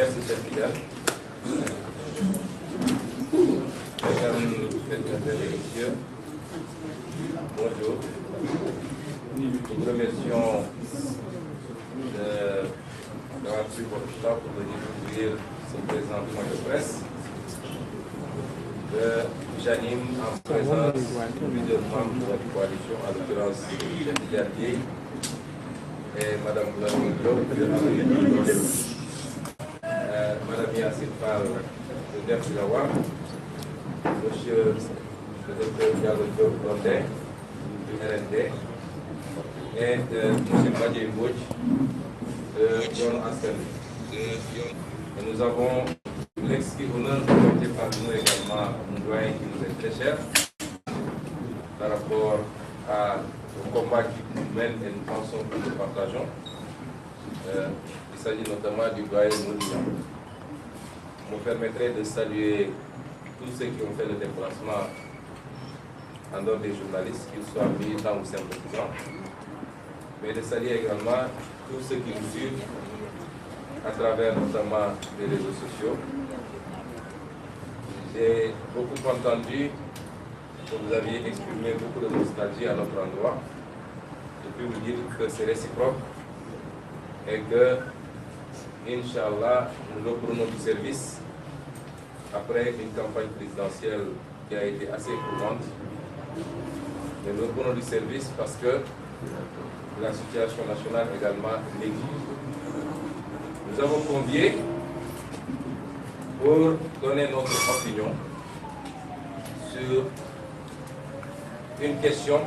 Merci Safia. Mesdames, Mesdemoiselles et Messieurs, bonjour. Nous vous remercions d'avoir pris votre temps pour venir ouvrir cette présentation de presse. J'anime en présence de plusieurs membres de la coalition, en l'occurrence Cheikh Tidiane Dièye et Madame Lamine Diop. par le DEF de la monsieur le docteur Diallo Diop Blondin, du RND, et monsieur Badié Mbouch, de Yon Et nous avons l'ex qui honneur porté nous également, un doyen qui nous est très par rapport à, au combat qui nous mène et nous euh, il s'agit notamment du doyen Moulignan. me permettrait de saluer tous ceux qui ont fait le déplacement en dehors des journalistes, qu'ils soient militants ou sympathisants, mais de saluer également tous ceux qui nous suivent à travers notamment les réseaux sociaux. J'ai beaucoup entendu que vous aviez exprimé beaucoup de nostalgie à notre endroit. Je peux vous dire que c'est réciproque et que Inch'Allah, nous reprenons du service après une campagne présidentielle qui a été assez éprouvante. Mais nous reprenons du service parce que la situation nationale également l'exige. Nous avons convié pour donner notre opinion sur une question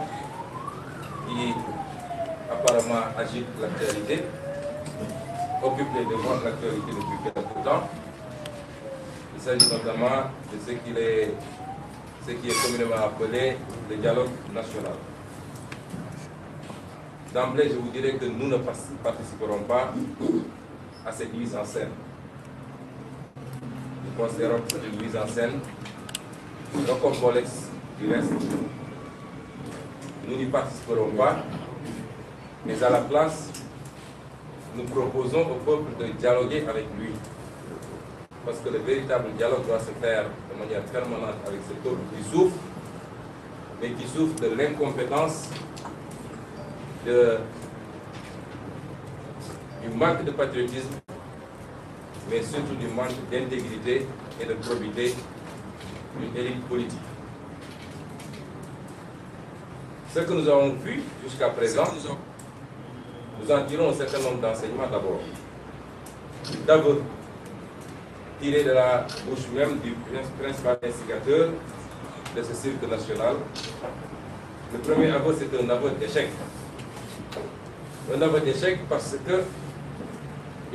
qui apparemment agite l'actualité, occupe les devoirs de l'actualité depuis quelque temps. Il s'agit notamment de ce qu'il est ce qui est communément appelé le dialogue national. D'emblée, je vous dirais que nous ne participerons pas à cette mise en scène. Nous considérons que c'est une mise en scène reconvolex du reste. Nous n'y participerons pas, mais à la place, nous proposons au peuple de dialoguer avec lui. Parce que le véritable dialogue doit se faire de manière permanente avec ce peuple qui souffre, mais qui souffre de l'incompétence, du manque de patriotisme, mais surtout du manque d'intégrité et de probité d'une élite politique. Ce que nous avons vu jusqu'à présent, nous en tirons un certain nombre d'abord. D'abord, tiré de la bouche même du principal instigateur de ce cirque national, le premier aveu, c'est un aveu d'échec. Un aveu d'échec parce que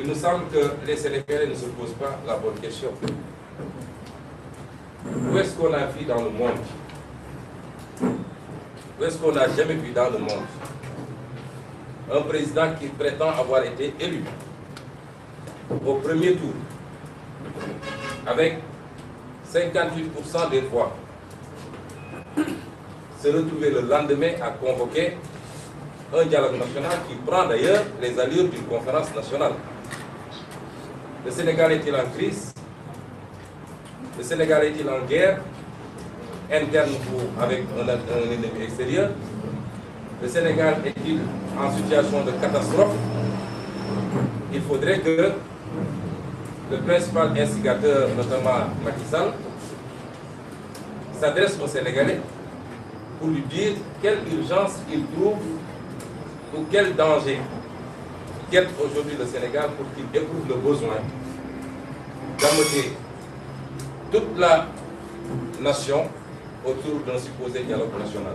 il nous semble que les Sénégalais ne se posent pas la bonne question. Où est-ce qu'on a vu dans le monde Où est-ce qu'on n'a jamais vu dans le monde un président qui prétend avoir été élu au premier tour avec 58% des voix se retrouver le lendemain à convoquer un dialogue national qui prend d'ailleurs les allures d'une conférence nationale. Le Sénégal est-il en crise Le Sénégal est-il en guerre interne ou avec un, un ennemi extérieur le Sénégal est-il en situation de catastrophe Il faudrait que le principal instigateur, notamment Macky Sall, s'adresse aux Sénégalais pour lui dire quelle urgence il trouve ou quel danger guette aujourd'hui le Sénégal pour qu'il éprouve le besoin d'amoter toute la nation autour d'un supposé dialogue national.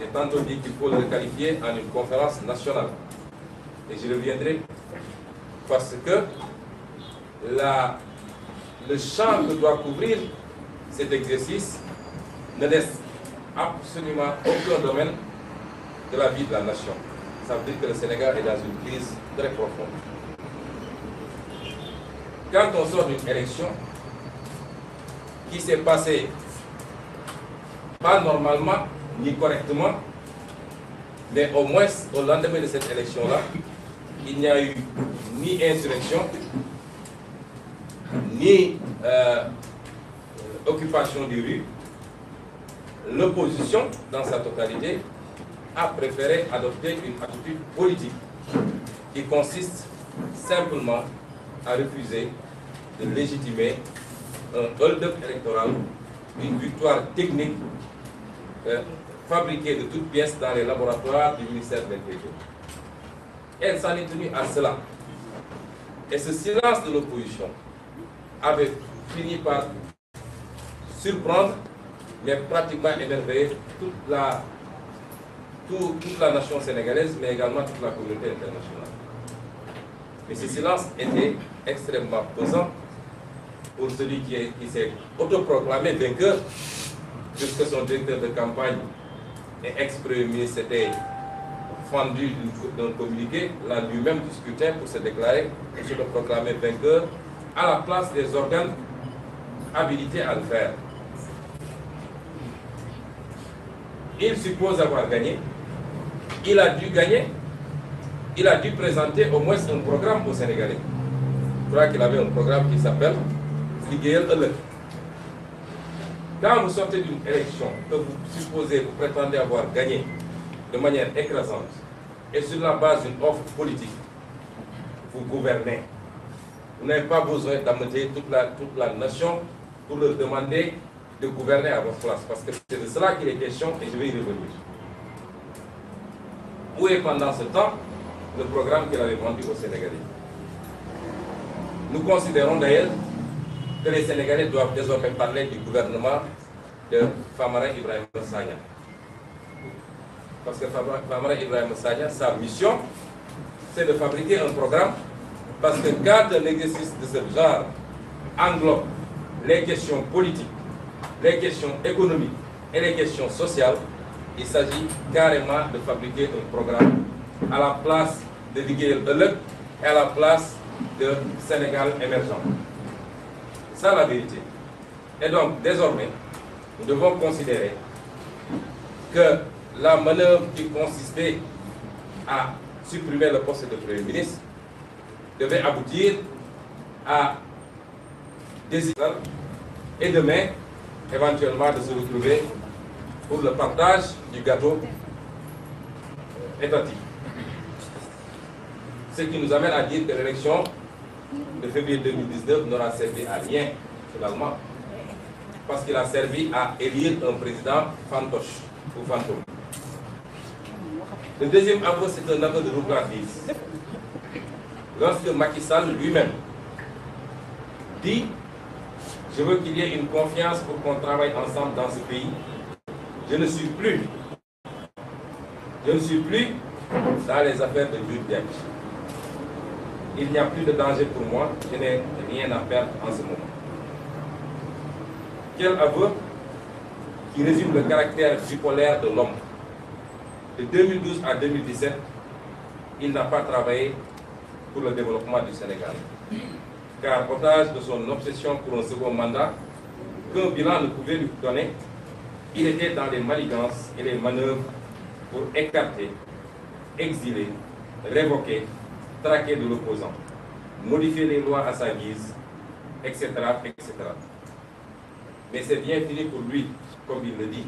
J'ai tantôt dit qu'il faut le qualifier en une conférence nationale. Et j'y reviendrai parce que la, le champ que doit couvrir cet exercice ne laisse absolument aucun domaine de la vie de la nation. Ça veut dire que le Sénégal est une crise très profonde. Quand on sort d'une élection qui s'est passée pas normalement, ni correctement, mais au moins au lendemain de cette élection-là, il n'y a eu ni insurrection, ni euh, occupation des rues. L'opposition, dans sa totalité, a préféré adopter une attitude politique qui consiste simplement à refuser légitimer un hold-up électoral, une victoire technique euh, fabriquées de toutes pièces dans les laboratoires du ministère de l'Intérieur. Elle s'en est tenue à cela. Et ce silence de l'opposition avait fini par surprendre, mais pratiquement émerveiller toute la, tout, toute nation sénégalaise, mais également toute la communauté internationale. Mais ce silence était extrêmement pesant pour celui qui s'est autoproclamé vainqueur, puisque son directeur de campagne et ex-premier s'était fendu d'un communiqué la nuit même du scrutin pour se déclarer et se proclamer vainqueur à la place des organes habilités à le faire. Il suppose avoir gagné. Il a dû gagner. Il a dû présenter au moins un programme aux Sénégalais. Je crois qu'il avait un programme qui s'appelle Liguel Elec. Quand vous sortez d'une élection que vous supposez, vous prétendez avoir gagné de manière écrasante, et sur la base d'une offre politique, vous gouvernez. Vous n'avez pas besoin d'amener toute la, toute la nation pour leur demander de gouverner à votre place, parce que c'est de cela qu'il est et je vais y revenir. est pendant ce temps le programme qu'il avait vendu aux Sénégalais Nous considérons d'ailleurs que les Sénégalais doivent désormais parler du gouvernement de Famara Ibrahima Sagna. Parce que Famara Ibrahima Sagna, sa mission, c'est de fabriquer un programme. Parce que quand un de ce genre englobe les questions politiques, les questions économiques et les questions sociales, il s'agit carrément de fabriquer un programme à la place de Ligue et à la place de Sénégal émergent. Ça, la vérité. Et donc, désormais, nous devons considérer que la manœuvre qui consistait à supprimer le poste de Premier ministre devait aboutir à des et demain, éventuellement, de se retrouver pour le partage du gâteau euh, étatique. Ce qui nous amène à dire que l'élection de février 2019 n'aura servi à rien, finalement. Parce qu'il a servi à élire un président fantoche ou fantôme. Le deuxième accord, c'est un accord de Rougradise. Lorsque Macky Sall lui-même dit Je veux qu'il y ait une confiance pour qu'on travaille ensemble dans ce pays. Je ne suis plus. Je ne suis plus dans les affaires de Jules il n'y a plus de danger pour moi, je n'ai rien à perdre en ce moment. Quel aveu qui résume le caractère bipolaire de l'homme. De 2012 à 2017, il n'a pas travaillé pour le développement du Sénégal. Car otage de son obsession pour un second mandat, qu'un bilan ne pouvait lui donner, il était dans les manigances et les manœuvres pour écarter, exiler, révoquer traquer de l'opposant, modifier les lois à sa guise, etc., etc. Mais c'est bien fini pour lui, comme il le dit.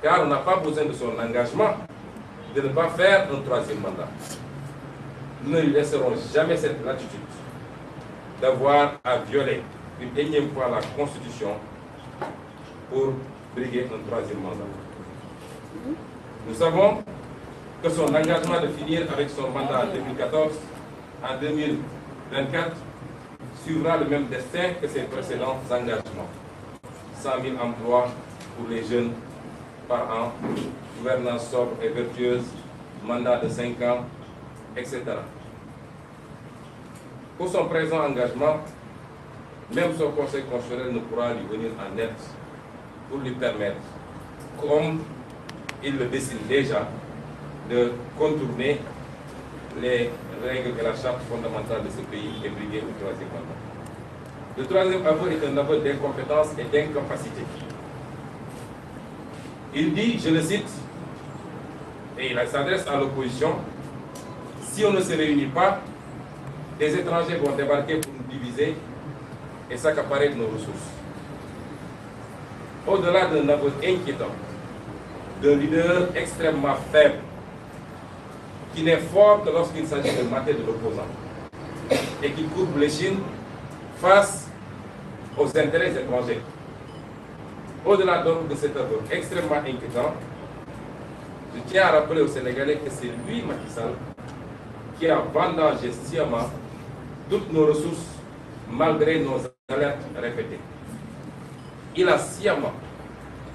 Car n'a pas besoin de son engagement de ne pas faire un troisième mandat. Nous ne lui laisserons jamais cette latitude d'avoir à violer une énième fois la Constitution pour briguer un troisième mandat. Nous savons que son engagement de finir avec son mandat en 2014, en 2024, suivra le même destin que ses précédents engagements. 100 000 emplois pour les jeunes par an, gouvernance sobre et vertueuse, mandat de 5 ans, etc. Pour son présent engagement, même son conseil constitutionnel ne pourra lui venir en aide pour lui permettre, comme il le décide déjà, de contourner les règles de la charte fondamentale de ce pays et briguer le troisième mandat. Le troisième aveu est un aveu d'incompétence et d'incapacité. Il dit, je le cite, et il s'adresse à l'opposition, si on ne se réunit pas, des étrangers vont débarquer pour nous diviser et s'accaparer de nos ressources. Au-delà d'un aveu inquiétant, d'un leader extrêmement faible, qui n'est fort que lorsqu'il s'agit de mater de l'opposant et qui courbe l'échine face aux intérêts étrangers. Au-delà donc de cet aveu extrêmement inquiétant, je tiens à rappeler aux Sénégalais que c'est lui, Macky qui a vendangé sciemment toutes nos ressources malgré nos alertes répétées. Il a sciemment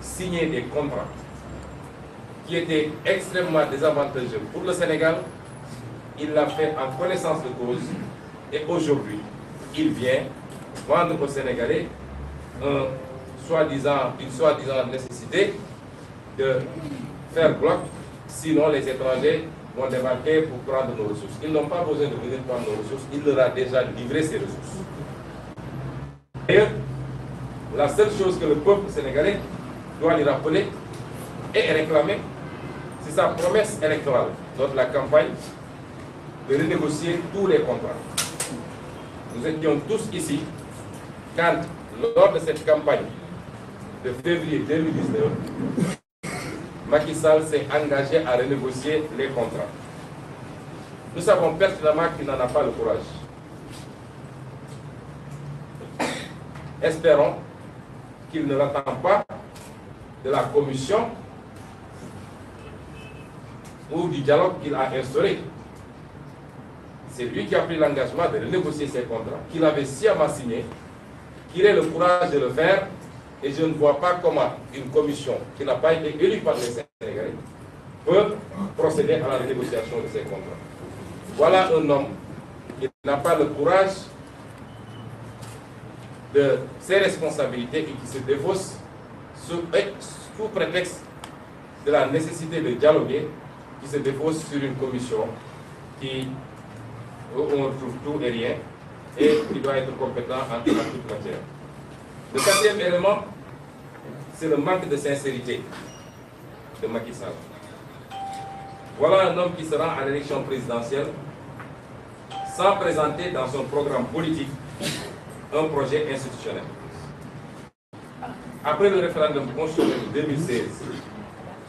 signé des contrats qui était extrêmement désavantageux pour le Sénégal, il l'a fait en connaissance de cause et aujourd'hui, il vient vendre aux Sénégalais soi-disant, nécessité de faire bloc, sinon les étrangers vont débarquer pour prendre nos ressources. Ils n'ont pas besoin de venir prendre nos ressources, il leur a déjà livré ses ressources. la seule chose que le peuple sénégalais doit lui rappeler et réclamer, C'est sa promesse électorale lors la campagne de renégocier tous les contrats. Nous étions tous ici quand, lors de cette campagne de février 2019, s'est engagé à renégocier les contrats. Nous savons pertinemment qu'il n'en a pas le courage. Espérons qu'il ne l'attend pas de la commission ou du dialogue qu'il a instauré. C'est lui qui a pris l'engagement de renégocier ces contrats, qu'il avait sciemment signé, qu'il ait le courage de le faire, et je ne vois pas comment une commission qui n'a pas été élue par les Sénégalais peut procéder à la négociation de ces contrats. Voilà un homme qui n'a pas le courage de ses responsabilités et qui se défausse sous eh, prétexte de la nécessité de dialoguer qui se dépose sur une commission qui, où on retrouve tout et rien et qui doit être compétent en toute matière. Le quatrième élément, c'est le manque de sincérité de Macky Sall. Voilà un homme qui sera à l'élection présidentielle sans présenter dans son programme politique un projet institutionnel. Après le référendum constitutionnel de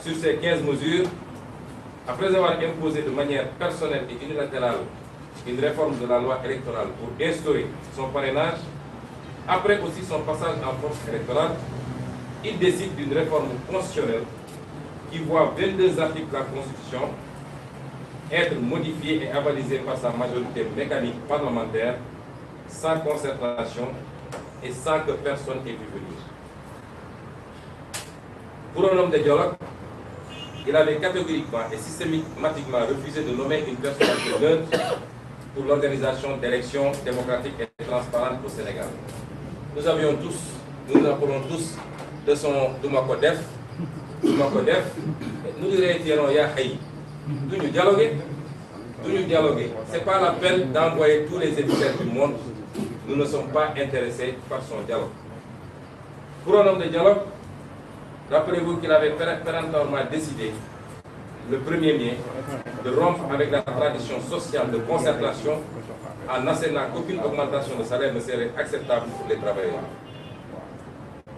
sur ces 15 mesures, Après avoir imposé de manière personnelle et unilatérale une réforme de la loi électorale pour instaurer son parrainage, après aussi son passage en force électorale, il décide d'une réforme constitutionnelle qui voit 22 articles de la être modifiés et avalisés par sa majorité mécanique parlementaire sans concertation et sans que personne Pour un homme de dialogue, il avait catégoriquement et systématiquement refusé de nommer une personnalité neutre pour l'organisation d'élections démocratiques et transparentes au Sénégal. Nous avions tous, nous nous tous de son Dumakodef, Dumakodef, nous lui réitérons Yahaï. Nous nous dialoguer, nous nous dialoguer. pas la peine tous les émissaires du monde. Nous ne sommes pas intéressés par son dialogue. Pour un homme de dialogue, Rappelez-vous qu'il avait péremptoirement décidé, le 1er mai, de rompre avec la tradition sociale de concertation en assénant qu'aucune augmentation de salaire ne serait acceptable pour les travailleurs.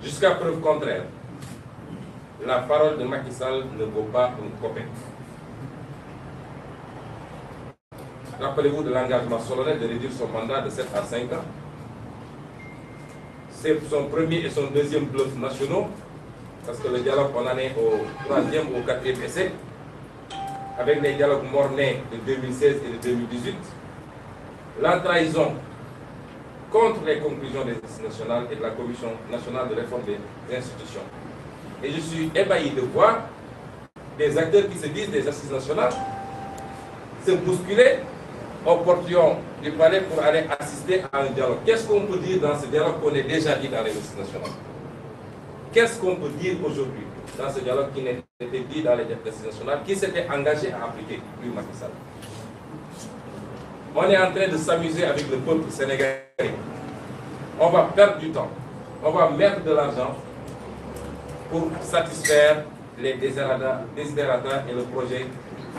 Jusqu'à preuve contraire, la parole de Macky ne vaut pas une copette. Rappelez-vous de l'engagement solennel de réduire son mandat de 7 à 5 ans. C'est son premier et son deuxième bluff nationaux parce que le dialogue, on en est au troisième ou au quatrième essai, avec les dialogues mornais de 2016 et de la trahison contre les conclusions des assises nationales et de la Commission nationale de réforme des institutions. Et je suis ébahi de voir des acteurs qui se disent des assises nationales se bousculer au du palais pour assister à un dialogue. Qu'est-ce qu'on peut dire dans ce dialogue qu'on est déjà dit dans les assises Qu'est-ce qu'on peut dire aujourd'hui dans ce dialogue qui n'était dit dans les décisions nationales, qui s'était engagé à appliquer, lui, Macky Sall On est de s'amuser avec le peuple sénégalais. On va perdre du temps. On va mettre de l'argent pour satisfaire les désirata et le projet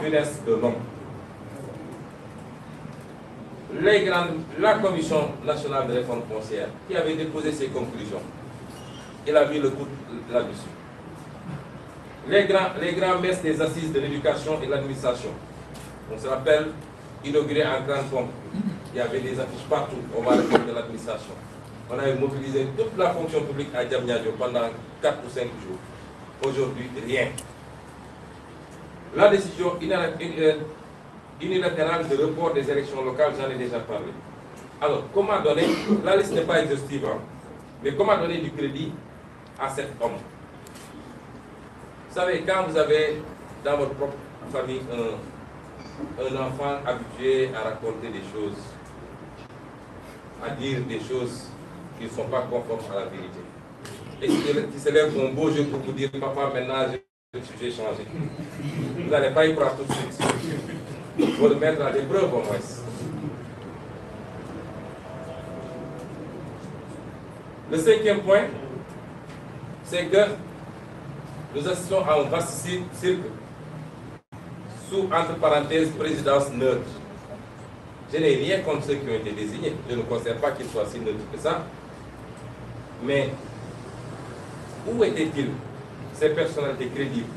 funeste de l'homme. Les grandes, la Commission nationale de réforme foncière qui avait déposé ses conclusions la a mis le coup là-dessus. Les grands, les grands messes de l'éducation et de l'administration. On se rappelle, inauguré en grande pompe. Il y avait des affiches partout au va de l'administration. On avait mobilisé toute la fonction publique à Diamniadio pendant 4 ou 5 jours. Aujourd'hui, rien. La décision euh, unilatérale de report des élections locales, j'en ai déjà parlé. Alors, comment donner, la liste n'est pas exhaustive, hein, mais comment donner du crédit à cet homme. Vous savez, quand vous avez dans votre propre famille un, un enfant habitué à raconter des choses, à dire des choses qui ne sont pas conformes à la vérité, et qui se lève beau jeu pour vous Papa, maintenant le sujet Vous n'allez pas y tout suite. Il le mettre à l'épreuve au moins. Le cinquième point, c'est que nous assistons à un vaste cirque sous, entre parenthèses, présidence neutre. Je n'ai rien contre ceux qui ont été désignés. Je ne considère pas qu'ils soient si neutres que ça. Mais où étaient-ils, ces personnalités crédibles,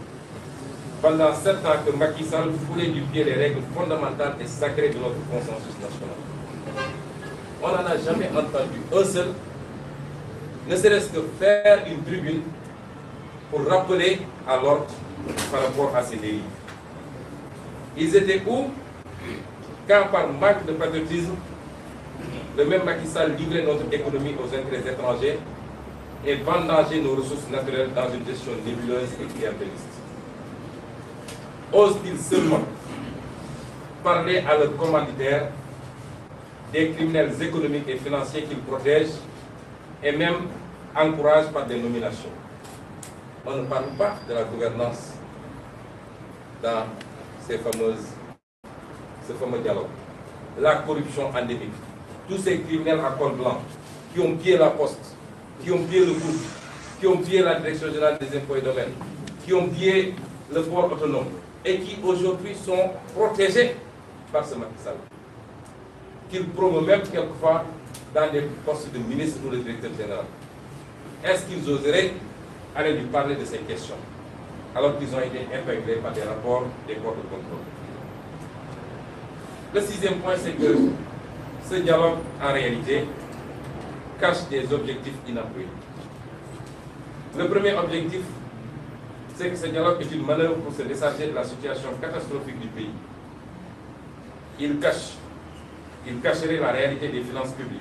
pendant sept ans que Macky Sall foulait du pied les règles fondamentales et sacrées de notre consensus national On n'en a jamais entendu un seul ne serait-ce que faire une tribune pour rappeler à l'ordre par rapport à ces délits. Ils étaient où quand par manque de patriotisme, le même Macky Sall notre économie aux intérêts étrangers et vendangeait nos ressources naturelles dans une gestion nébuleuse et clientéliste. Ose-t-il seulement parler à leurs commanditaires des criminels économiques et financiers qu'ils protègent et même encourage par des nominations. On ne parle pas de la gouvernance dans ces fameuses, ce La corruption endémique, tous ces criminels à col blanc qui ont pillé la poste, qui ont pillé le groupe, qui ont pillé la direction générale des impôts qui ont pillé le port autonome et qui aujourd'hui sont protégés par ce Macky Sall, qu'il promeut même quelquefois dans des postes de ministre ou de directeur général. est-ce qu'ils oseraient aller lui parler de ces questions alors qu'ils ont été intégrés par des rapports des corps de contrôle Le sixième point, c'est que ce dialogue, en réalité, cache des objectifs inappuyés. Le premier objectif, c'est que ce dialogue est une pour se décharger la situation catastrophique du pays. Il cache, il cacherait la réalité des finances publiques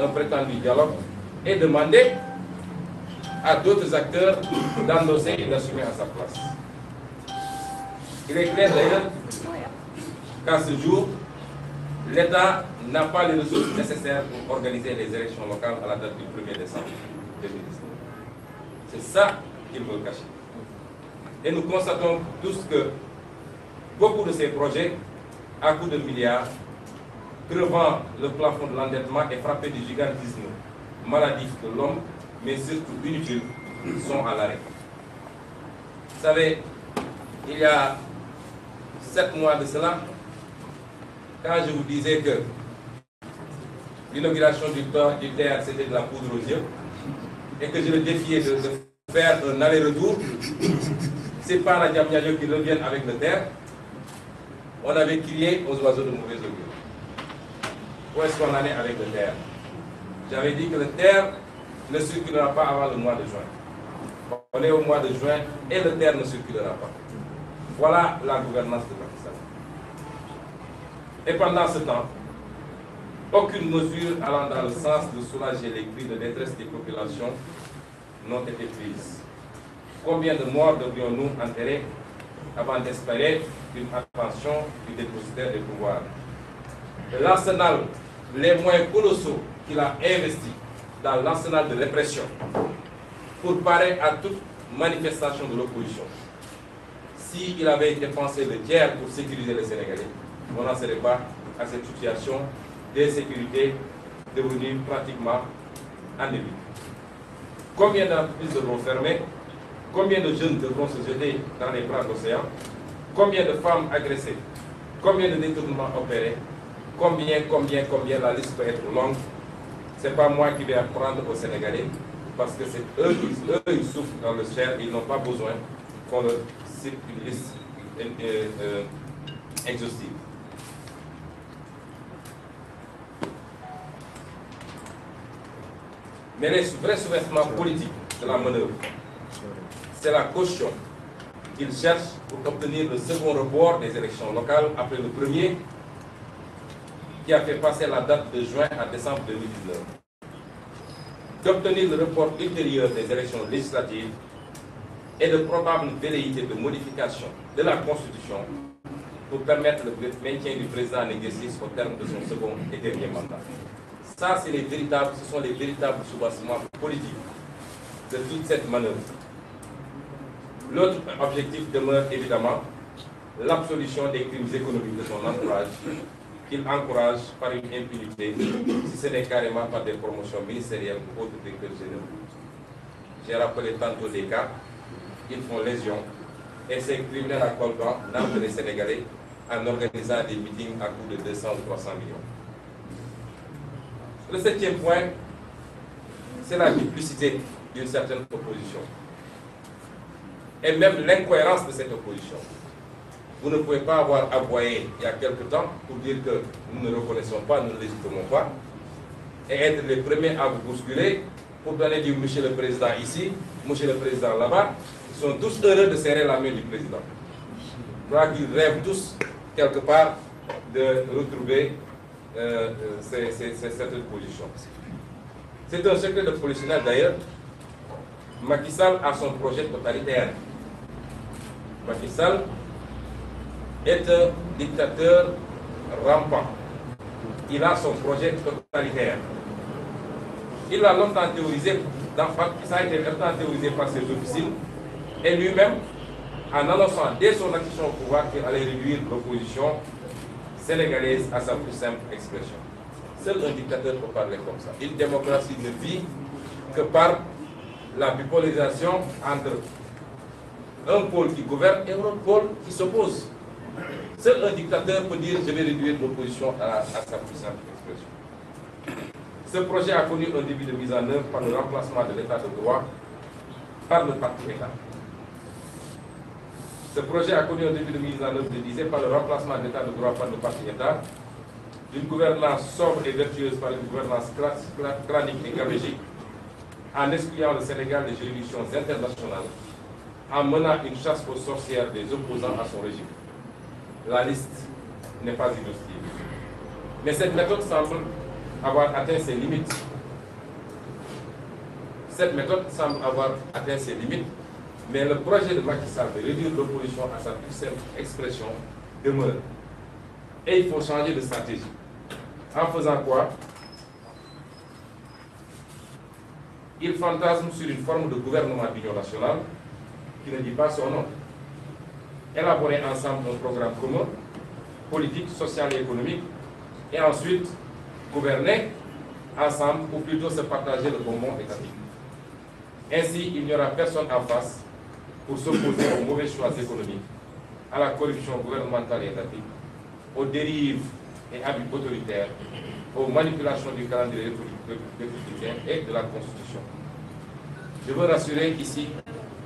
un prétendu dialogue et demander à d'autres acteurs d'endosser et d'assumer à sa place. Il est clair d'ailleurs qu'à ce jour, l'État n'a pas les ressources nécessaires pour organiser les élections locales à la date du 1er décembre C'est ça qu'il veut cacher. Et nous constatons tous que beaucoup de ces projets, à coût de milliards, crevant le plafond de l'endettement et frappé du gigantisme maladif de mais surtout inutile, sont à l'arrêt. Vous savez, il y a sept mois de cela, quand je vous disais que l'inauguration du théâtre, c'était de la poudre aux yeux, et que je le défiais de, faire un retour c'est par la Diamniadio qui reviennent avec le terre, on avait crié aux oiseaux de mauvais augure. où est-ce qu'on en est avec le terre J'avais dit que le terre ne circulera pas avant le mois de juin. au mois de juin et le terre ne circulera pas. Voilà la gouvernance de Pakistan. Et pendant ce temps, aucune mesure allant dans le sens de soulager les cris de détresse des populations n'ont été prises. Combien de morts devrions-nous enterrer avant d'espérer une attention du dépositaire des pouvoirs l'arsenal, les moyens colossaux qu'il a investis dans l'arsenal de répression pour parer à toute manifestation de l'opposition. S'il avait été pensé le tiers pour sécuriser les Sénégalais, on n'en serait pas à cette situation d'insécurité devenue pratiquement endémique. Combien d'entreprises fermer Combien de jeunes devront se jeter dans les bras d'océan Combien de femmes agressées Combien de détournements opérés combien, combien, combien, la liste peut être longue. Ce pas moi qui vais apprendre aux Sénégalais, parce que c'est eux, eux, ils souffrent dans le chair, ils n'ont pas besoin qu'on leur cite une liste euh, euh, euh exhaustive. Mais le vrai souverainement politique de la manœuvre, c'est la caution qu'ils cherchent pour obtenir le second report des élections locales après le premier qui a fait passer la date de juin à décembre 2019, d'obtenir le report ultérieur des élections législatives et de probables velléités de modification de la Constitution pour permettre le maintien du président en exercice au terme de son second et dernier mandat. Ça, c'est les véritables, ce sont politiques de toute cette manœuvre. L'autre objectif demeure évidemment l'absolution des crimes économiques de son entourage qu'il encourage par une impunité, si ce n'est carrément par des promotions ministérielles ou autres directeurs généraux. J'ai rappelé tantôt des cas, ils font lésion, et ces criminels à colbans n'empêchent les Sénégalais en organisant des meetings à Le septième point, c'est la duplicité d'une certaine opposition, et même l'incohérence de cette opposition. vous ne pouvez pas avoir aboyé il y a quelque pour dire que nous ne reconnaissons pas, nous ne pas, et être les premiers à vous bousculer pour donner du Monsieur le Président ici, Monsieur le Président là-bas. Ils heureux de serrer la main du Président. Je crois qu'ils rêvent tous, quelque part, de retrouver euh, euh ces, ces, ces, cette C'est un secret de polichinelle d'ailleurs. Macky a son projet totalitaire. Macky Sall est un dictateur rampant. Il a son projet totalitaire. Il l'a longtemps théorisé, dans, ça a été longtemps théorisé par ses officines, et lui-même, en annonçant dès son accession au qu'il allait réduire l'opposition sénégalaise à sa plus simple expression. Seul un dictateur peut parler comme ça. Une démocratie ne vit que par la bipolarisation entre un pôle qui gouverne et un autre pôle qui s'oppose. Seul un dictateur peut dire je vais réduire l'opposition à, à, sa puissante expression. Ce projet a connu un début de mise en œuvre par le remplacement de l'état de droit par le pacte État. Ce projet a connu un début de mise en œuvre, je disais, par le remplacement de l'état de droit par le pacte État, d'une gouvernance sobre et vertueuse par une gouvernance crânique et gabegique, en excluant le Sénégal des juridictions internationales, en menant des la liste n'est pas exhaustive. Mais cette méthode semble avoir atteint ses limites. Cette méthode semble avoir atteint ses limites, mais le projet de Macky Sall de réduire l'opposition à sa plus simple expression demeure. Et il faut changer de stratégie. En faisant quoi Il fantasme sur une forme de gouvernement d'union nationale qui ne dit pas son nom. élaborer ensemble un programme commun, politique, social et économique, et ensuite gouverner ensemble, ou plutôt se partager le bonbon étatique. Ainsi, il n'y aura personne en face pour s'opposer aux mauvais choix économiques, à la corruption gouvernementale et étatique, aux dérives et abus autoritaires, aux manipulations du calendrier républicain et de la Constitution. Je veux rassurer ici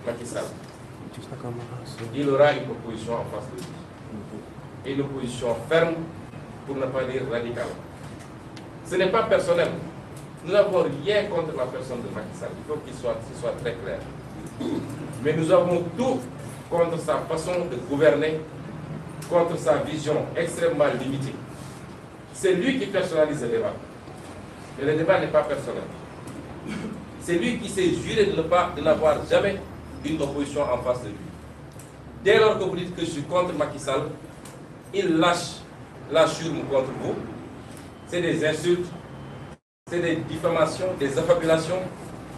Macky Il aura une opposition en face de lui. Et une opposition ferme, pour ne pas dire radicale. Ce n'est pas personnel. Nous n'avons rien contre la personne de Macky Sall. Il faut qu'il soit, qu soit très clair. Mais nous avons tout contre sa façon de gouverner, contre sa vision extrêmement limitée. C'est lui qui personnalise le débat. Mais le débat n'est pas personnel. C'est lui qui s'est juré de n'avoir jamais une opposition en face de lui. Dès lors que vous dites que je suis contre Macky il lâche la churme contre vous. C'est des insultes, c'est des diffamations, des affabulations,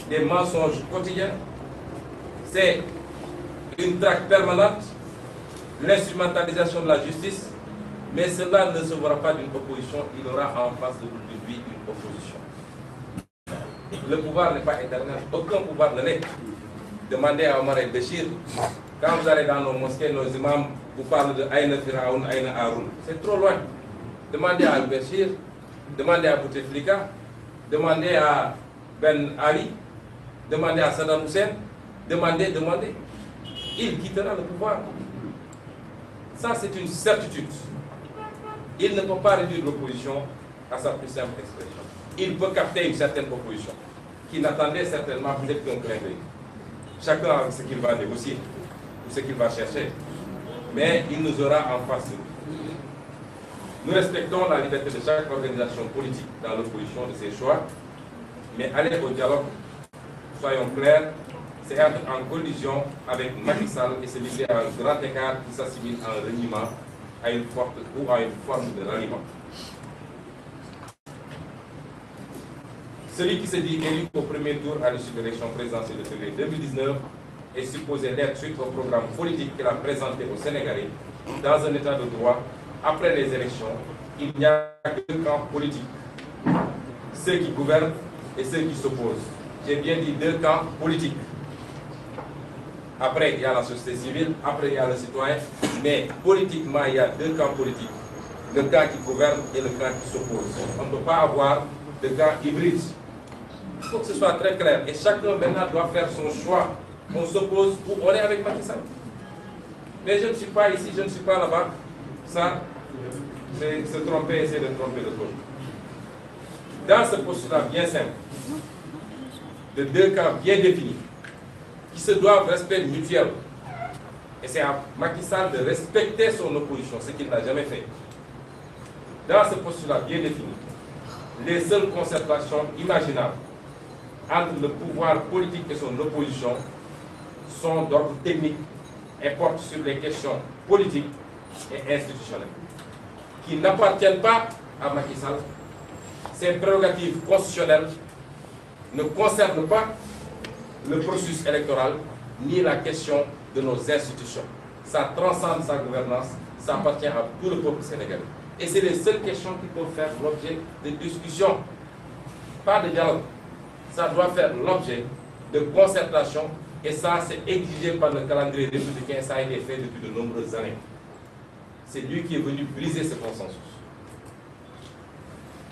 des mensonges quotidiens. C'est une traque permanente, l'instrumentalisation de la justice, mais cela ne se verra pas d'une opposition, il aura en face de lui une opposition. Le pouvoir n'est pas éternel, aucun pouvoir ne l'est. demande à Omar et Béchir, quand vous allez dans nos mosquées, nos imams de Aïna Firaoun, Aïna Haroun. C'est trop loin. Demandez à Al-Béchir, demandez à Bouteflika, demandez à Ben Ali, demandez à Saddam Hussein, demandez, demandez. Il quittera le pouvoir. Ça, c'est une certitude. Il ne peut pas réduire l'opposition à sa plus simple expression. Il peut capter une certaine opposition qui n'attendait certainement peut-être qu'un clin d'œil. Chacun a ce qu'il va négocier, ou ce qu'il va chercher. Mais il nous aura en face. Nous respectons la liberté de chaque organisation politique dans l'opposition de ses choix, mais aller au dialogue, soyons clairs, c'est être en collision avec Macky et se livrer à grand écart qui s'assimile à un à une forte de ralliement. Celui qui se dit élu au premier tour à l'issue de l'élection présidentielle de février 2019 est supposé l'être suite au programme politique qu'il a présenté aux Sénégalais dans un état de droit. Après les élections, il n'y a que deux camps politiques, ceux qui gouvernent et ceux qui s'opposent. J'ai bien dit deux camps politiques. Après, il y a la société civile, après, il y a le citoyen, mais politiquement, il y a deux camps politiques, le camp qui gouverne et le camp Il faut que ce soit très clair. Et chacun maintenant doit faire son choix. On s'oppose ou on est avec Macky Sall. Mais je ne suis pas ici, je ne suis pas là-bas. se tromper, essayer de tromper le peuple. Dans ce postulat bien simple, de deux camps bien définis, qui se doivent respect mutuel, et c'est à Macky de respecter son opposition, ce qu'il n'a jamais fait. Dans ce postulat bien défini, les seules concertations imaginables entre le pouvoir politique et son opposition sont d'ordre technique et portent sur les questions politiques et institutionnelles qui n'appartiennent pas à Macky Sall. Ces prérogatives constitutionnelles ne concernent pas le processus électoral ni la question de nos institutions. Ça transcende sa gouvernance, ça appartient à tout le peuple sénégalais. Et c'est les seules questions qui peuvent faire l'objet de discussions, pas de dialogue. ça doit faire l'objet de concertation et ça c'est exigé par le calendrier républicain, ça a fait depuis de nombreuses années. C'est qui est venu briser ce consensus.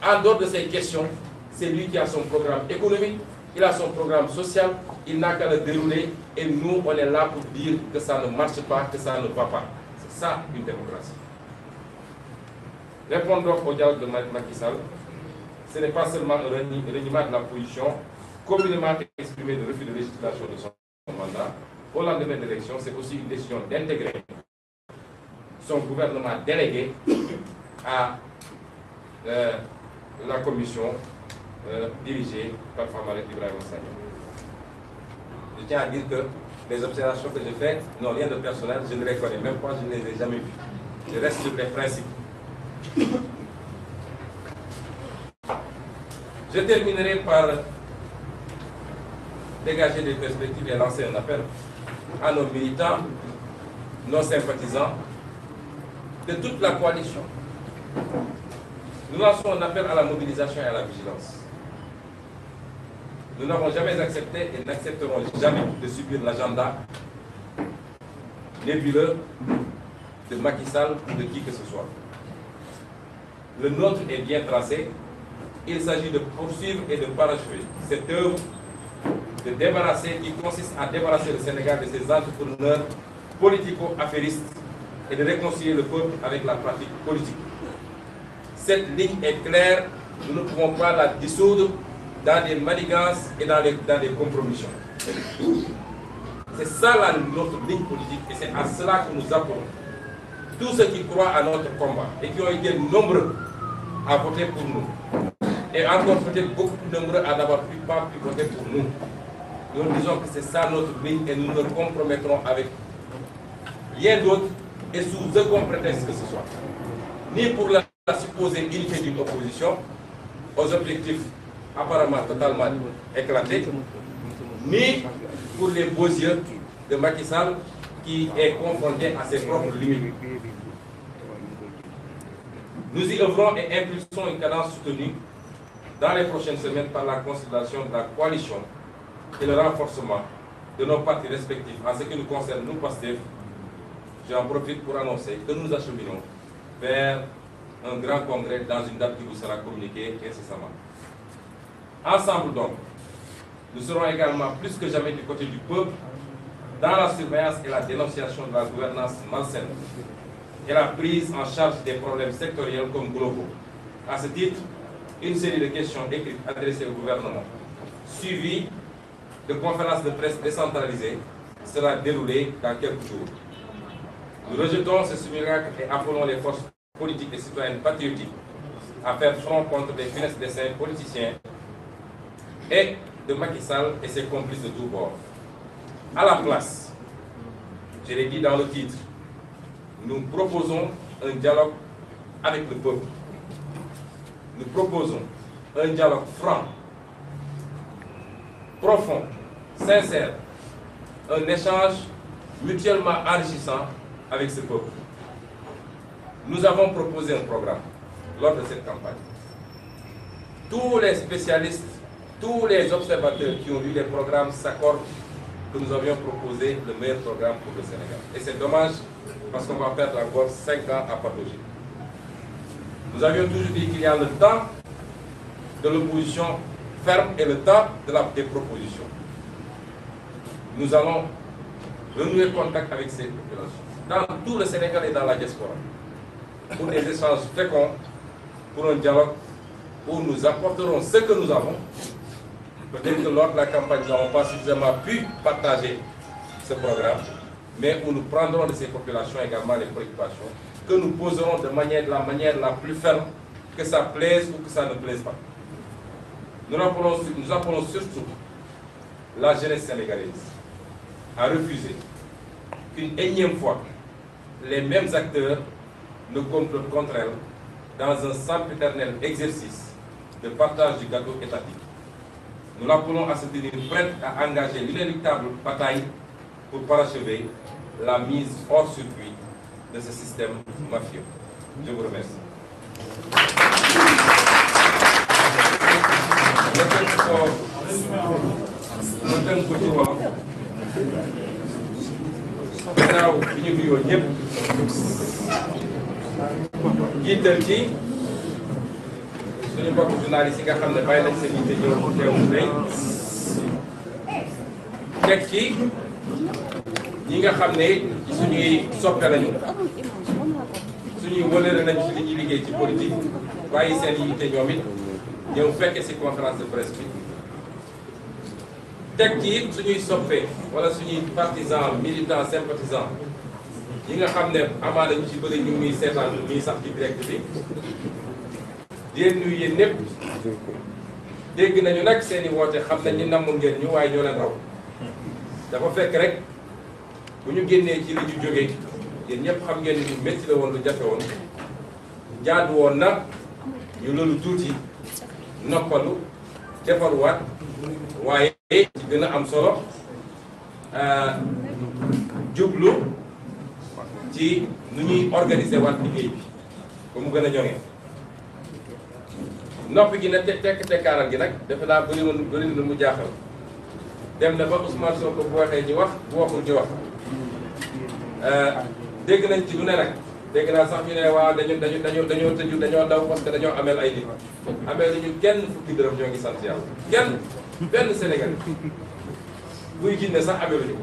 En dehors de ces questions, c'est qui a son programme économique, il a son programme social, il n'a qu'à le et nous, on est là pour dire que ça ne marche pas, que ça ne va pas. C'est ça démocratie. Répondons au dialogue de Macky Sall, ce n'est pas seulement un reniement de la position communément exprimée de refus de législation de son mandat. Au lendemain de c'est aussi une décision d'intégrer son gouvernement délégué à euh, la commission euh, dirigée par Famalek Ibrahim Sagna. Je tiens à que les observations que j'ai faites n'ont de personnel, je ne les connais même pas, je ne les ai jamais reste sur principes. Je terminerai par dégager des perspectives et lancer un appel à nos militants, nos sympathisants, de toute la coalition. Nous lançons un appel à la mobilisation et à la vigilance. Nous n'avons jamais accepté et n'accepterons jamais de subir l'agenda nébuleux de Macky ou de qui que ce soit. Le nôtre est bien tracé il s'agit de poursuivre et de parachever cette œuvre de débarrasser qui consiste à débarrasser le Sénégal de ses entrepreneurs politico-affairistes et de réconcilier le peuple avec la pratique politique. Cette ligne est claire, nous ne pouvons pas la dissoudre dans des manigances et dans des, compromissions. C'est ça la, notre ligne politique et c'est à cela que nous appelons tous ceux qui croient à notre combat et qui ont été nombreux à voter pour nous. et encore peut-être beaucoup plus nombreux pour nous. Nous disons que c'est ça notre pays et nous ne compromettrons avec rien d'autre et sous aucun prétexte que ce soit. Ni pour la supposée unité d'une opposition, aux objectifs apparemment totalement éclatés, ni pour les beaux yeux de Macky qui est confronté à ses propres limites. Nous y œuvrons et impulsons une cadence soutenue dans les prochaines semaines par la consolidation de la coalition et le renforcement de nos partis respectifs. En ce qui nous concerne, nous, PASTEF, j'en profite pour annoncer que nous acheminons vers un grand congrès dans une date qui sera communiquée incessamment. Ensemble donc, nous serons également plus que jamais du côté du peuple dans la surveillance et la dénonciation de la gouvernance malsaine et la prise en charge des problèmes sectoriels comme globaux. une série de questions écrites adressées au gouvernement, suivies de conférences de presse décentralisées, sera déroulée dans quelques jours. Nous rejetons ce simulacre et appelons les forces politiques et citoyennes patriotiques à faire front contre les funestes desseins politiciens et de Macky Sall et ses complices de tous bords. À la place, je l'ai dit dans le titre, nous proposons un dialogue avec le peuple nous proposons un dialogue franc, profond, sincère, un échange mutuellement enrichissant avec ce peuple. Nous avons proposé un programme lors de cette campagne. Tous les spécialistes, tous les observateurs qui ont vu les programmes s'accordent que nous avions proposé le meilleur programme pour le Sénégal. Et c'est dommage parce qu'on va perdre encore 5 ans à partager. Nous avions toujours dit qu'il y a le temps de l'opposition ferme et le temps de la, des propositions. Nous allons renouer contact avec ces populations, dans tout le Sénégal et dans la diaspora, pour des échanges féconds, pour un dialogue où nous apporterons ce que nous avons. Peut-être lors de la campagne, nous n'avons pas suffisamment pu partager ce programme, mais où nous prendrons de ces populations également les préoccupations que nous poserons de la manière la plus ferme, que ça plaise ou que ça ne plaise pas. Nous appelons, surtout la jeunesse à refuser qu'une énième fois les mêmes acteurs ne complotent contre elle dans un sempiternel exercice de partage du gâteau étatique. Nous l'appelons à se tenir à engager l'inéluctable bataille pour parachever la mise hors circuit de ce système mafieux. Je vous remercie. ma tënk ko ci wax gannaaw bi ñu nuyoo ñëpp jiital ci suñu mbokk journaliste yi nga xam ne bàyyi nañ seen yitte ñëw teew tey teg ci ñi nga xam ne suñuy soppe lañu suñuy wëlëre nañu ci li ñuy liggéey ci politique waaye seen yitte ñoom it ñëw fekke ci conférence de presse bi teg ci it suñuy soppe wala suñuy partisan militant sympathisant ñi nga xam ne amaana ñu ci bëri ñu ngi seetaan ñuy sax ci direct bi di leen nuyu yéen dégg nañu nag seeni woote xam nañ ni namm ngeen ñu waaye ñoo leen raw dafa fekk rek bu ñu génnee ci li ñu jóge yéen ñëpp xam ngeen ni métti la woon lu jafe woon jaadu woon na ñu loolu tuuti noppalu defaruwaat waaye ci gën a am solo euh, jublu ci nu ñuy organiser liggéey bi ba mu gën a ñoŋee noppi gi na te tekk tekkaaral gi nag defe naa bëri woon bëri na mu jaaxal dem na ba Ousmane Sonko bu waxee ñu wax bu waxul ñu wax Euh, dégg nañ ci lu ne nag dégg naa sax ñu ne waaw dañu dañu dañu dañoo tëju dañoo daw parce que dañoo ameel ay nit ameel ñu kenn fukki dërëm ñoo ngi sant yàlla kenn benn Sénégal buy ginne sax ameeluñu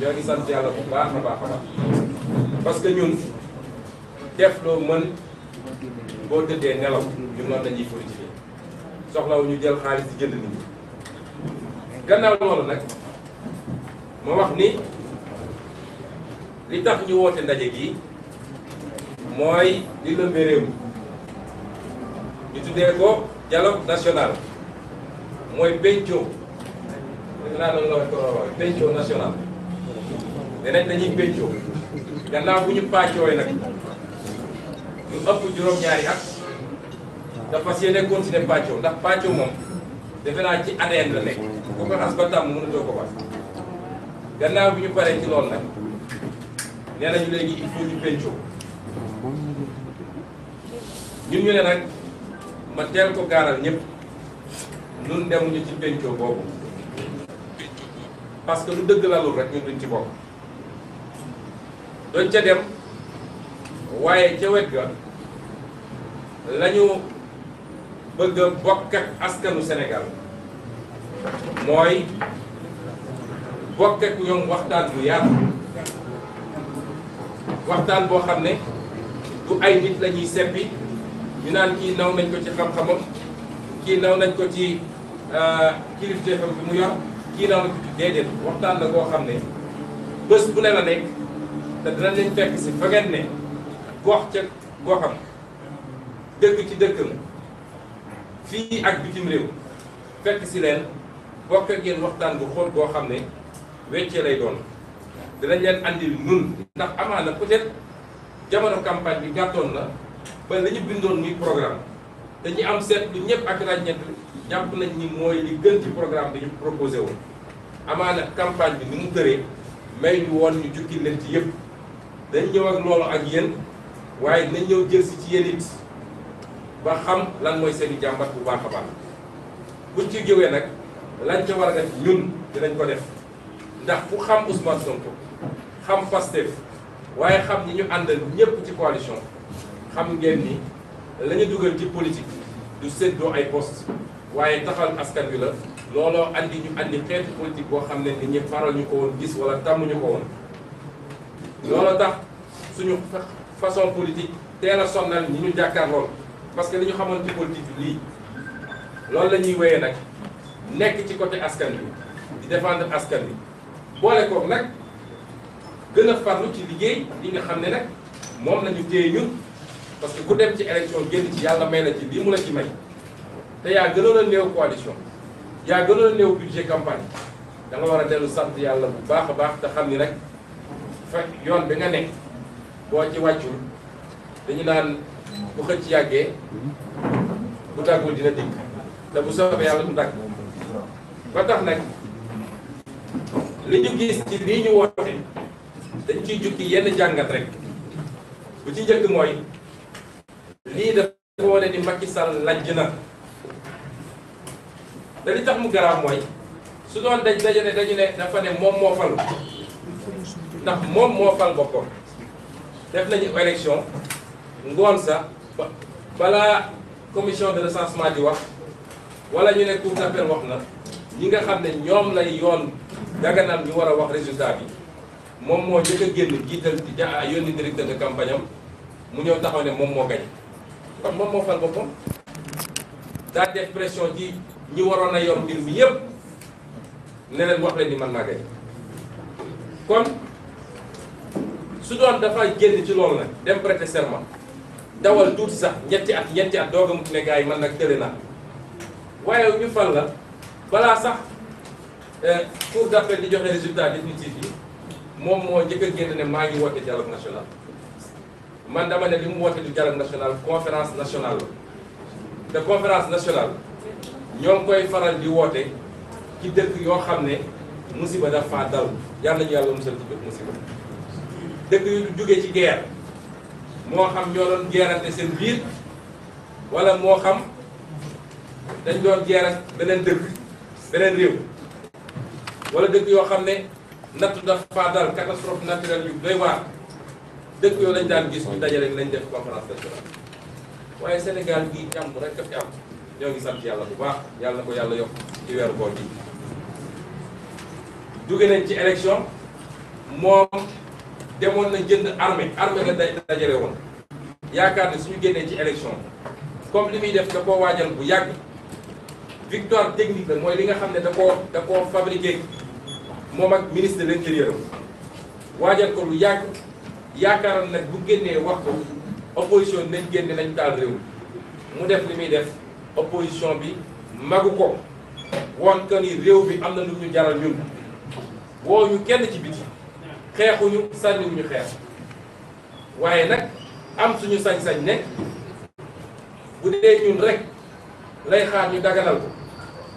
ko ngi sant yàlla bu baax a baax a baax parce que ñun def loo mën boo tëddee nelaw ñun noonu lañuy politique soxlawu ñu jël xaalis di jënd nit ñi gannaaw loolu nag ma wax ni li tax ñu woote ndaje gi mooy li lëmbe réew ñu tuddee ko dialogue national mooy penco dégg naa loolu la ko waxee penco national danañ dañuy penco gannaaw bu ñu pàccooy nag ñu ëpp juróom-ñaari dafa si yéene continuer pàccoo ndax pàccoo moom defe naa ci ADN la nekk ku ko xas ba tàmm mënatoo nee nañu léegi il faut ñu pencoo ñun ñu ne nag ma teel ko gaaral ñëpp nun demuñu ci pencoo boobu parce que lu dëgg lalul rek ñun duñ ci bokk doñ ca dem waaye ca wet ga lañu bëgg a bokk ak askanu mooy bokk ak waxtaan bu yaatu waxtaan boo xam ne du ay nit la seppi ñu naan kii naw nañ ko ci xam-xamam kii naw nañ ko ci euh, kilifteefam bi mu yor kii naw nañ ko ci déedéet waxtaan la boo xam ne bés bu ne na nekk te dinañ leen fekk si fa ngeen ne gox ca goxam dëkk ci dëkkam fii ak bitim réew fekk si leen bokk ak yéen waxtaan bu xool boo xam ne weccee lay doon danañ leen andil nun ndax amaana peut-être jamono campagne bi gàttoon na ba la ñu bindoon muy programme dañuy am seetlu ñëpp ak ràññeet jàpp nañ ni mooy li gën ci programme bi ñu proposé woon amaana campagne bi ni mu tëree may ñu woon ñu jukki leen ci yëpp dañ ñëw ak loolu ak yéen waaye dinañ ñëw jël ci yéen it ba xam lan mooy seen i jàmbat bu baax a baax buñ ci jógee nag lañ ca war a def ñun dinañ ko def ndax ku xam Ousmane Sonko xam Pastef waaye xam ñi ñu àndal ñépp ci coalition xam ngeen ni la ñu dugal ci politique du séddoo ay poste waaye taxal askan bi la looloo andi ñu andi xeetu politique boo xam ne ni ñi faral ñu ko woon gis wala tàmm ñu ko woon looloo tax suñu façon politique teel a sonnal ñi ñu jàkkaarlool parce que li ñu xamoon ci politique bi lii loolu la ñuy wéyee nag nekk ci côté askan bi di défendre askan bi boole koog nag gën a farlu ci liggéey li nga xam ne nag moom nañu téye ñun parce que ku dem ci élection génn ci yàlla may na ci lii mu la ci may te yaa gënoon a néew coalition yaa gënoon a néew budget campagne da war a dellu sant yàlla bu baax a baax te xam ni rek fekk yoon bi nga nekk boo ci wàccul dañu naan bu xëcc yàggee bu tàggul dina dikk te bu soobee yàlla du tàgg ba tax nag li ñu gis ci lii ñu woote dañ ciy jukki yenn jàngat rek bu ci njëkk mooy lii dafa wane ni Macky Sall lajj na te li tax mu garaaw mooy su doon daj dañu ne dafa ne moom moo fal ndax moom moo fal boppam def nañu élection ngoon sa balaa commission de recensement di wax wala ñu ne cour d'appel wax na ñi nga xam ne ñoom la yoon daganal ñu war a wax résultat bi moom moo njëkk a génn jiital ja yónni directeur de campagne am mu ñëw taxaw ne moom moo gañ kon moom moo fal boppam daa def pression ci ñi waroon a yoon mbir mi yépp ne leen wax leen ni man maa gañ kon su doon génn ci loolu nag dem prêter serment dawal sax ñetti at ñetti at doog a yi man nag tële naa waaye ñu fal la balaa sax eh, cour d'appel di joxe résultat définitif yi moom moo njëkk génn ne maa ngi woote dialogue national man dama ne li mu woote du dialogue national conférence nationale la te conférence nationale ñoo koy faral di woote ci dëkk yoo xam ne musiba dafa dal yàlla ñu yàlla musal ci musiba dëkk yu jógee ci guerre moo xam ñoo doon guerrante seen biir wala moo xam dañ doon guerre ak beneen dëkk beneen réew wala dëkk yoo xam ne natt dafa dal catastrophe naturelle yu doy waar dëkk yooyu lañ daan gis ñu dajale nañ def conférence nationale waaye Sénégal gi jàmm rek a fi am ñoo ngi sant yàlla bu baax yàlla na ko yàlla yokk ci weeru koor bi jóge nañ ci élection moom demoon na jënd armée armée la dajale woon yaakaar ne suñu génnee ci élection comme li muy def da koo waajal bu yàgg victoire technique la mooy li nga xam ne da koo da koo fabriqué moom ak ministre de l'intérieur waajal ko lu yàgg yaakaaroon nag bu génnee wax ko opposition nañ génne nañ taal réew mu def li muy def opposition bi magu ko woon que ni réew bi am na lu ñu jaral ñun woo ñu kenn ci biti ñu sànniwuñu xeex waaye nag am suñu sañ-sañ ne bu dee ñun rek lay xaar ñu daganal ko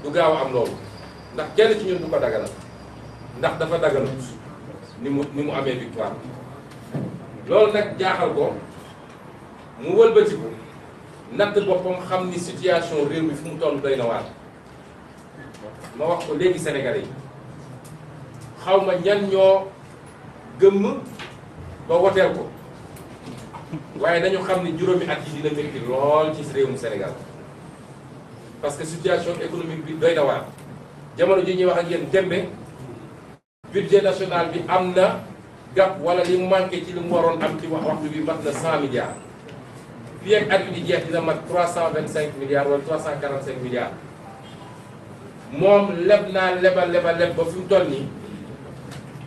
du gaaw a am loolu ndax kenn ci ñun du ko daganal ndax dafa daganut ni mu ni mu amee victoire loolu nag jaaxal ko mu wëlbatiku natt boppam xam ni situation réew mi fu mu toll doy na waar ma wax ko léegi Sénégalais yi xaw ñan ñoo gëmm ba woteel ko waaye nañu xam ni juróomi at yi dina métti lool ci réew mu Sénégal parce que situation économique bi doy na waar jamono ji ñuy wax ak yéen tembe budget national bi am na gap wala li mu ci li mu waroon am ci waxtu bi mat na 100 milliards fii ak at bi di jeex dina mat 325 milliards wala 345 milliards moom leb naa lebal lebal leb ba fi mu toll nii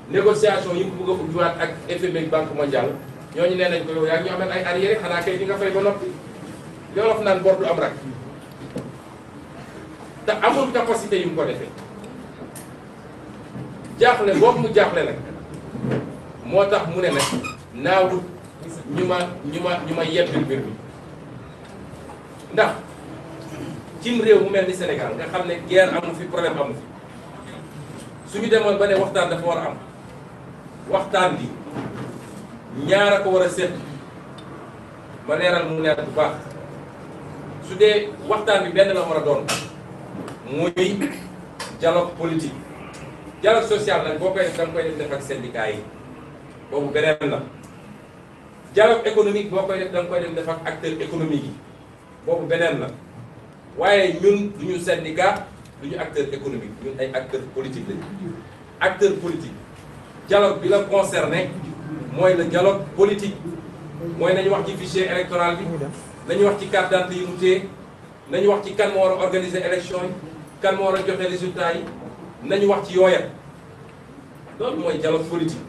négociation yi mu bëgg a ubbiwaat ak FMI banque mondiale ñooñu nee nañ ko yow yaa ngi ñu amee ay arriéré xanaa kay di nga fay ba noppi looloo fi naan bor du am rak te amul capacité yu mu ko defee. jaaxle boobu mu jaaxle nag moo tax mu ne nag naa wut ñu ma ñu ma ñu ma yebbil mbir mi ndax cim réew mu mel ni Sénégal nga xam ne guerre amu fi problème amu fi suñu demoon ba ne waxtaan dafa war a am waxtaan bi ñaar a ko war a séq ma leeral mu leer bu baax su dee waxtaan bi benn la war a doon muy dialogue politique dialogue social nag boo koy def danga koy def def ak syndicat yi boobu beneen la dialogue économique boo koy def danga koy def ak acteurs économiques yi boobu beneen la waaye ñun du ñu syndicat ñu acteur économique ñun ay acteur politique lañu acteur politique dialogue bi la concerné mooy le dialogue politique mooy nañu wax ci fichier électoral bi nañu wax ci carte d'identité yi mu téye nañu wax ci kan moo war a organiser élection yi kan moo war a joxe résultat yi nañu wax ci yooya loolu mooy dialogue politique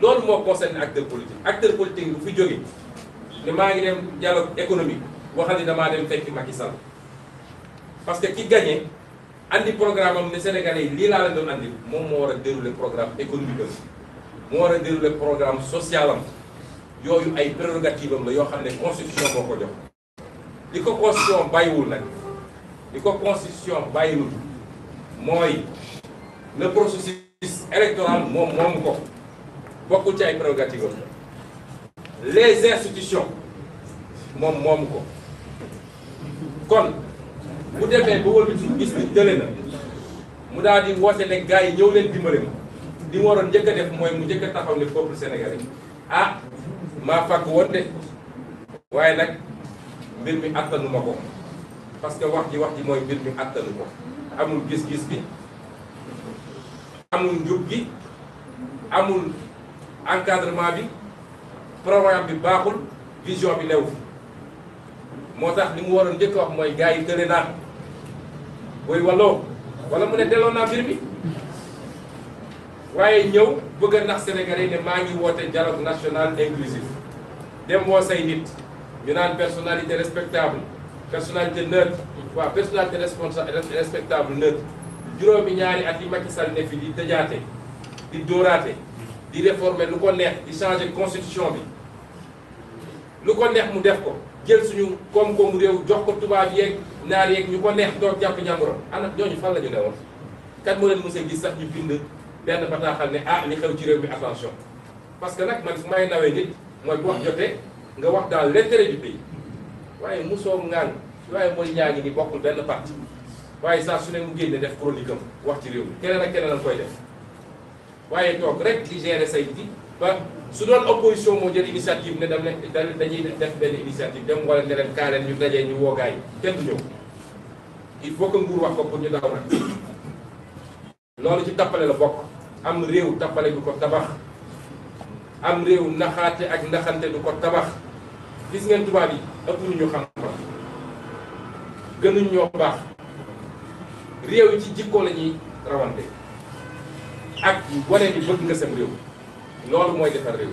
loolu moo concerne acteur politique acteur politique bu fi jóge ne ngi dem dialogue économique waxal ni damaa dem fekki Macky Sall parce que ki gagné andi programme am ne Sénégalais yi lii laa leen doon andi moom moo war a dérouler programme économique moo war a dérouler programme social am yooyu ay prérogative am la yoo xam ne constitution moo ko jox li ko constitution bàyyiwul nag li ko constitution bàyyiwul mooy le processus électoral moom moomu ko bokkul ci ay prérogatives les institutions moom moomu ko kon bu defee ba wëlbati gis ni jële na mu daal di woote ne gars yi ñëw leen dimbali ma di mu waroon njëkk a def mooy mu njëkk a taxaw ne peuple sénégalais ah maa fàgg woon de waaye nag mbir mi attanu ko parce que wax ji wax ji mooy mbir mi attanu ko amul gis-gis bi amul njub gi amul encadrement bi programme bi baaxul vision bi new moo tax ni mu waroon njëkk wax mooy gars yi tële naa booy walloo walla mu ne delloo naa mbir mi waaye ñëw bëgg a nax yi ne maa ngi woote dialogue national inclusif dem woo say nit ñu naan personnalité respectable personnalité neutre waaw personnalité responsable respectable neutre juróomi ñaari at yi Macky Sall ne fi di dëjaate di dóoraate di réformer lu ko neex di changer constitution bi lu ko neex mu def ko jël suñu koom-koomu réew jox ko tubaab yeeg ñaar yeeg ñu ko neex doog jàpp ñàmburam ana ñooñu fan la ñu ne woon kat moo leen mos a gis sax ñu bind benn bataaxal ne ah li xew ci réew mi attention parce que nag man fu may nawee nit mooy bu wax jotee nga wax dans l'intérêt du pays waaye mosoo ngaan waaye mooy ñaa ngi ni bokkul benn parti waaye saa su ne mu génne def chronique am wax ci réew mi keneen ak keneen lañ koy def waaye toog rek di gérer say ji ba su doon opposition moo jël initiative ne dam ne dañuy def benn initiative dem wala ne leen ñu dajee ñu woo gaay kenn du ñëw il faut que nguur wax ko pour ñu daw nag loolu ci tappale la bokk am réew tappale du ko tabax am réew naxaate ak naxante du ko tabax gis ngeen tubaab yi ëpp ñu xam-xam gënuñ ñoo baax réew yi ci jikko la ñuy rawante ak wane ni bëgg nga sem réew loolu mooy defar réew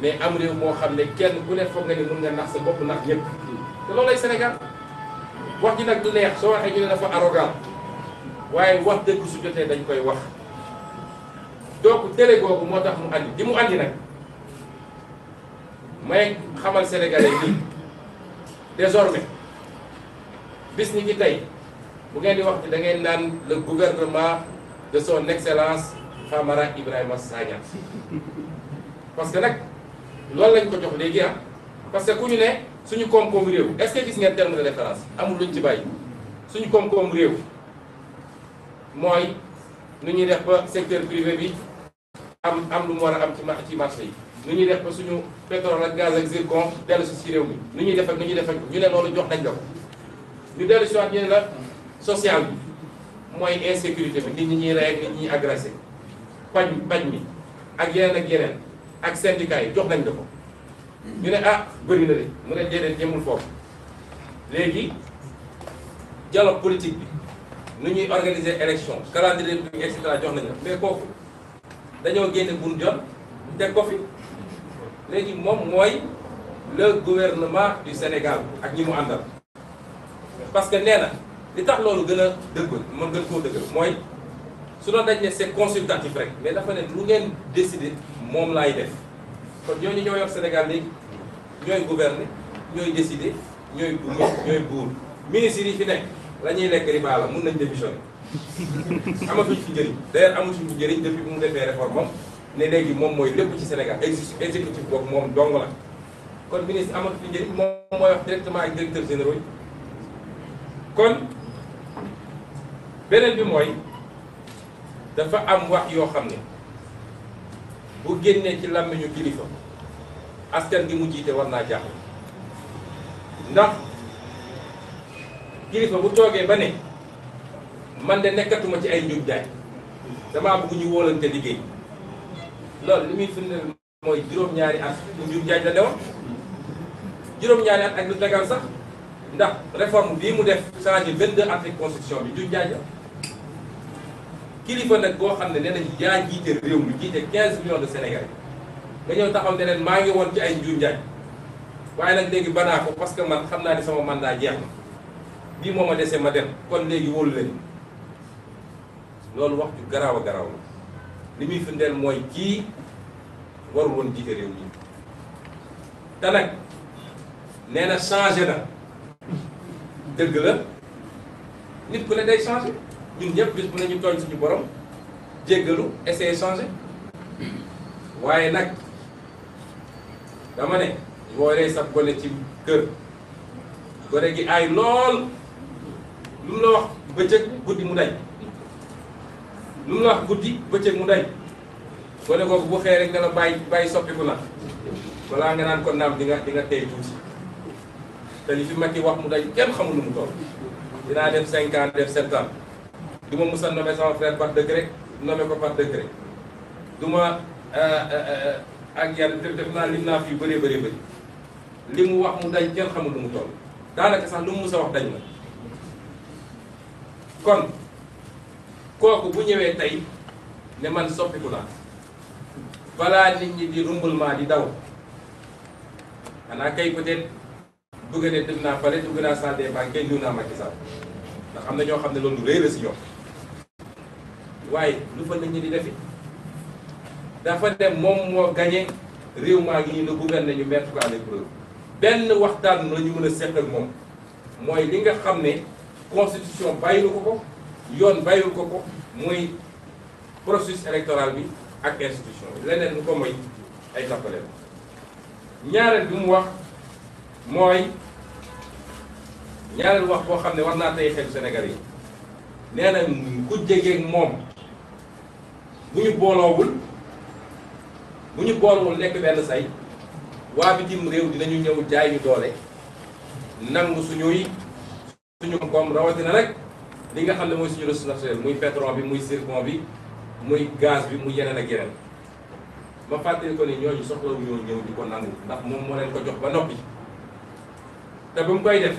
mais am réew moo xam ne kenn ku ne foog nga ni mën nga nax sa bopp nax ñëpp te loolay Sénégal wax ji nag du neex soo waxee ñu ne dafa arrogant waaye wax dëgg su jotee dañ koy wax donc délai googu moo tax mu andi di mu andi nag. may xamal sénégalais nii désormais bis ni ki tey bu ngeen di wax ci da ngeen naan le gouvernement de son excellence Famara Ibrahima Sagna parce que nag loolu lañ ko jox léegi ah parce que ku ñu ne suñu koom-koom réew est-ce gis ngeen terme de référence amul luñ ci bàyyi suñu koom-koom réew mooy nu ñuy def ba secteur privé bi am am lu mu war a am ci ci marché yi nu ñuy def ko suñu pétrole ak gaz ak zircon dellu si si réew mi nu ñuy def ak ñuy def ak ñu ne jox nañ la ko ñu dellu si waat ñu ne la social bi mooy insécurité bi ñu ñi ñuy rey ñu nit ñi agressé paj paj mi ak yeneen ak yeneen ak syndicat yi jox nañ la ko ñu ne ah bëri na de mu ne jëmul foofu léegi dialogue politique nu ñuy organiser élection calendrier bi et cetera jox nañ la mais dañoo génne buñ jot ko fi léegi moom mooy le gouvernement du Sénégal ak ñi mu àndal parce que nee na li tax loolu gën a dëggal mën gën koo dëggal mooy su doon dañ ne se consultatif rek mais dafa ne lu ngeen décider moom laay def kon ñooñu ñoo yor Sénégal léegi ñooy gouverner ñooy décider ñooy buur ñooy buur ministres yi fi nekk la ñuy lekk riba la mun nañ démissionner amatuñ fi njëriñ d'ailleurs amatuñ fi njëriñ depuis bu mu defee réforme moom ne léegi moom mooy lépp ci Sénégal exécutif boobu moom dong la kon ministre amatu fi njëriñ moom mooy wax directement ak directeur généraux kon beneen bi mooy dafa am wax yoo xam ne bu génnee ci làmmiñu kilifa askan gi mu jiite war naa jàpp ndax kilifa bu toogee ba ne man de nekkatuma ci ay njub jaay damaa bëgg ñu wóolante liggéey loolu li muy firndeel mooy juróom-ñaari at bu njur njaaj la newoon juróom-ñaari at ak lu tegal sax ndax réforme bii mu def changé 22 article constitution bi njur njaaj la kilifa nag boo xam ne nee nañ yaa jiite réew mi jiite 15 millions de Sénégalais nga ñëw taxaw ne leen maa ngi woon ci ay njur njaaj waaye nag léegi banaa ko parce que man xam naa ne sama daa jeex na bii moo ma dese ma dem kon léegi wóolu leen loolu wax ju garaaw a garaaw la li muy firndeel mooy kii waru woon jiite réew mi te nag nee na changé na dëgg la nit ku ne day changé ñun ñëpp bis bu ne ñu tooñ suñu borom jéggalu essayer changé waaye nag dama ne boo dee sab gone ci kër gone gi aay lool lu mu la wax bëccëg guddi mu day lu mu la wax guddi bëccëg mu day gone googu bu xëyee rek ne la bàyyi bàyyi soppiku la balaa nga naan ko naam di nga di nga tey tuuti te li fi Macky wax mu day kenn xamul lu mu toll dinaa def cinq ans def sept ma musa nommé sama frère par degré nommé ko par degré du ma euh, euh, ak yàlla def def naa lim naa fii bëree bëree bëri li mu wax mu dañ kenn xamul lu mu toll daanaka sax lu mu musa wax dañ la kon kooku bu ñëwee tey ne man soppiku naa balaa nit ñi di rumbulement di daw xanaa kay peut-être dugg ne def naa pare dugg naa Centre des Banques kay ñëw naa Macky Sall ndax am na ñoo xam ne loolu réer la si ñoom waaye lu fa nit ñi di defi dafa dem moom moo gagné réew maa ngi ñu ne gouverner ñu mettre ko à benn waxtaan lañu mën a seq ak moom mooy li nga xam ne constitution bàyyi na ko ko. yoon bàyyul ko ko muy processus électoral bi ak institution bi leneen lu ko moy ay tappale la ñaareel bi mu wax mooy ñaareel wax koo xam ne war naa tey xel Sénégal yi nee na ku moom bu ñu booloowul bu ñu booloowul nekk benn say waa bitim réew dinañu ñëw jaay ñu doole nangu suñuy suñu koom rawatina rek li nga xam ne mooy suñu ressource naturelle muy pétrole bi muy zircon bi muy gaz bi mu yeneen ak yeneen ma fàttali ko ni ñooñu soxlawu ñoo ñëw di ko nangu ndax moom moo leen ko jox ba noppi te ba mu koy def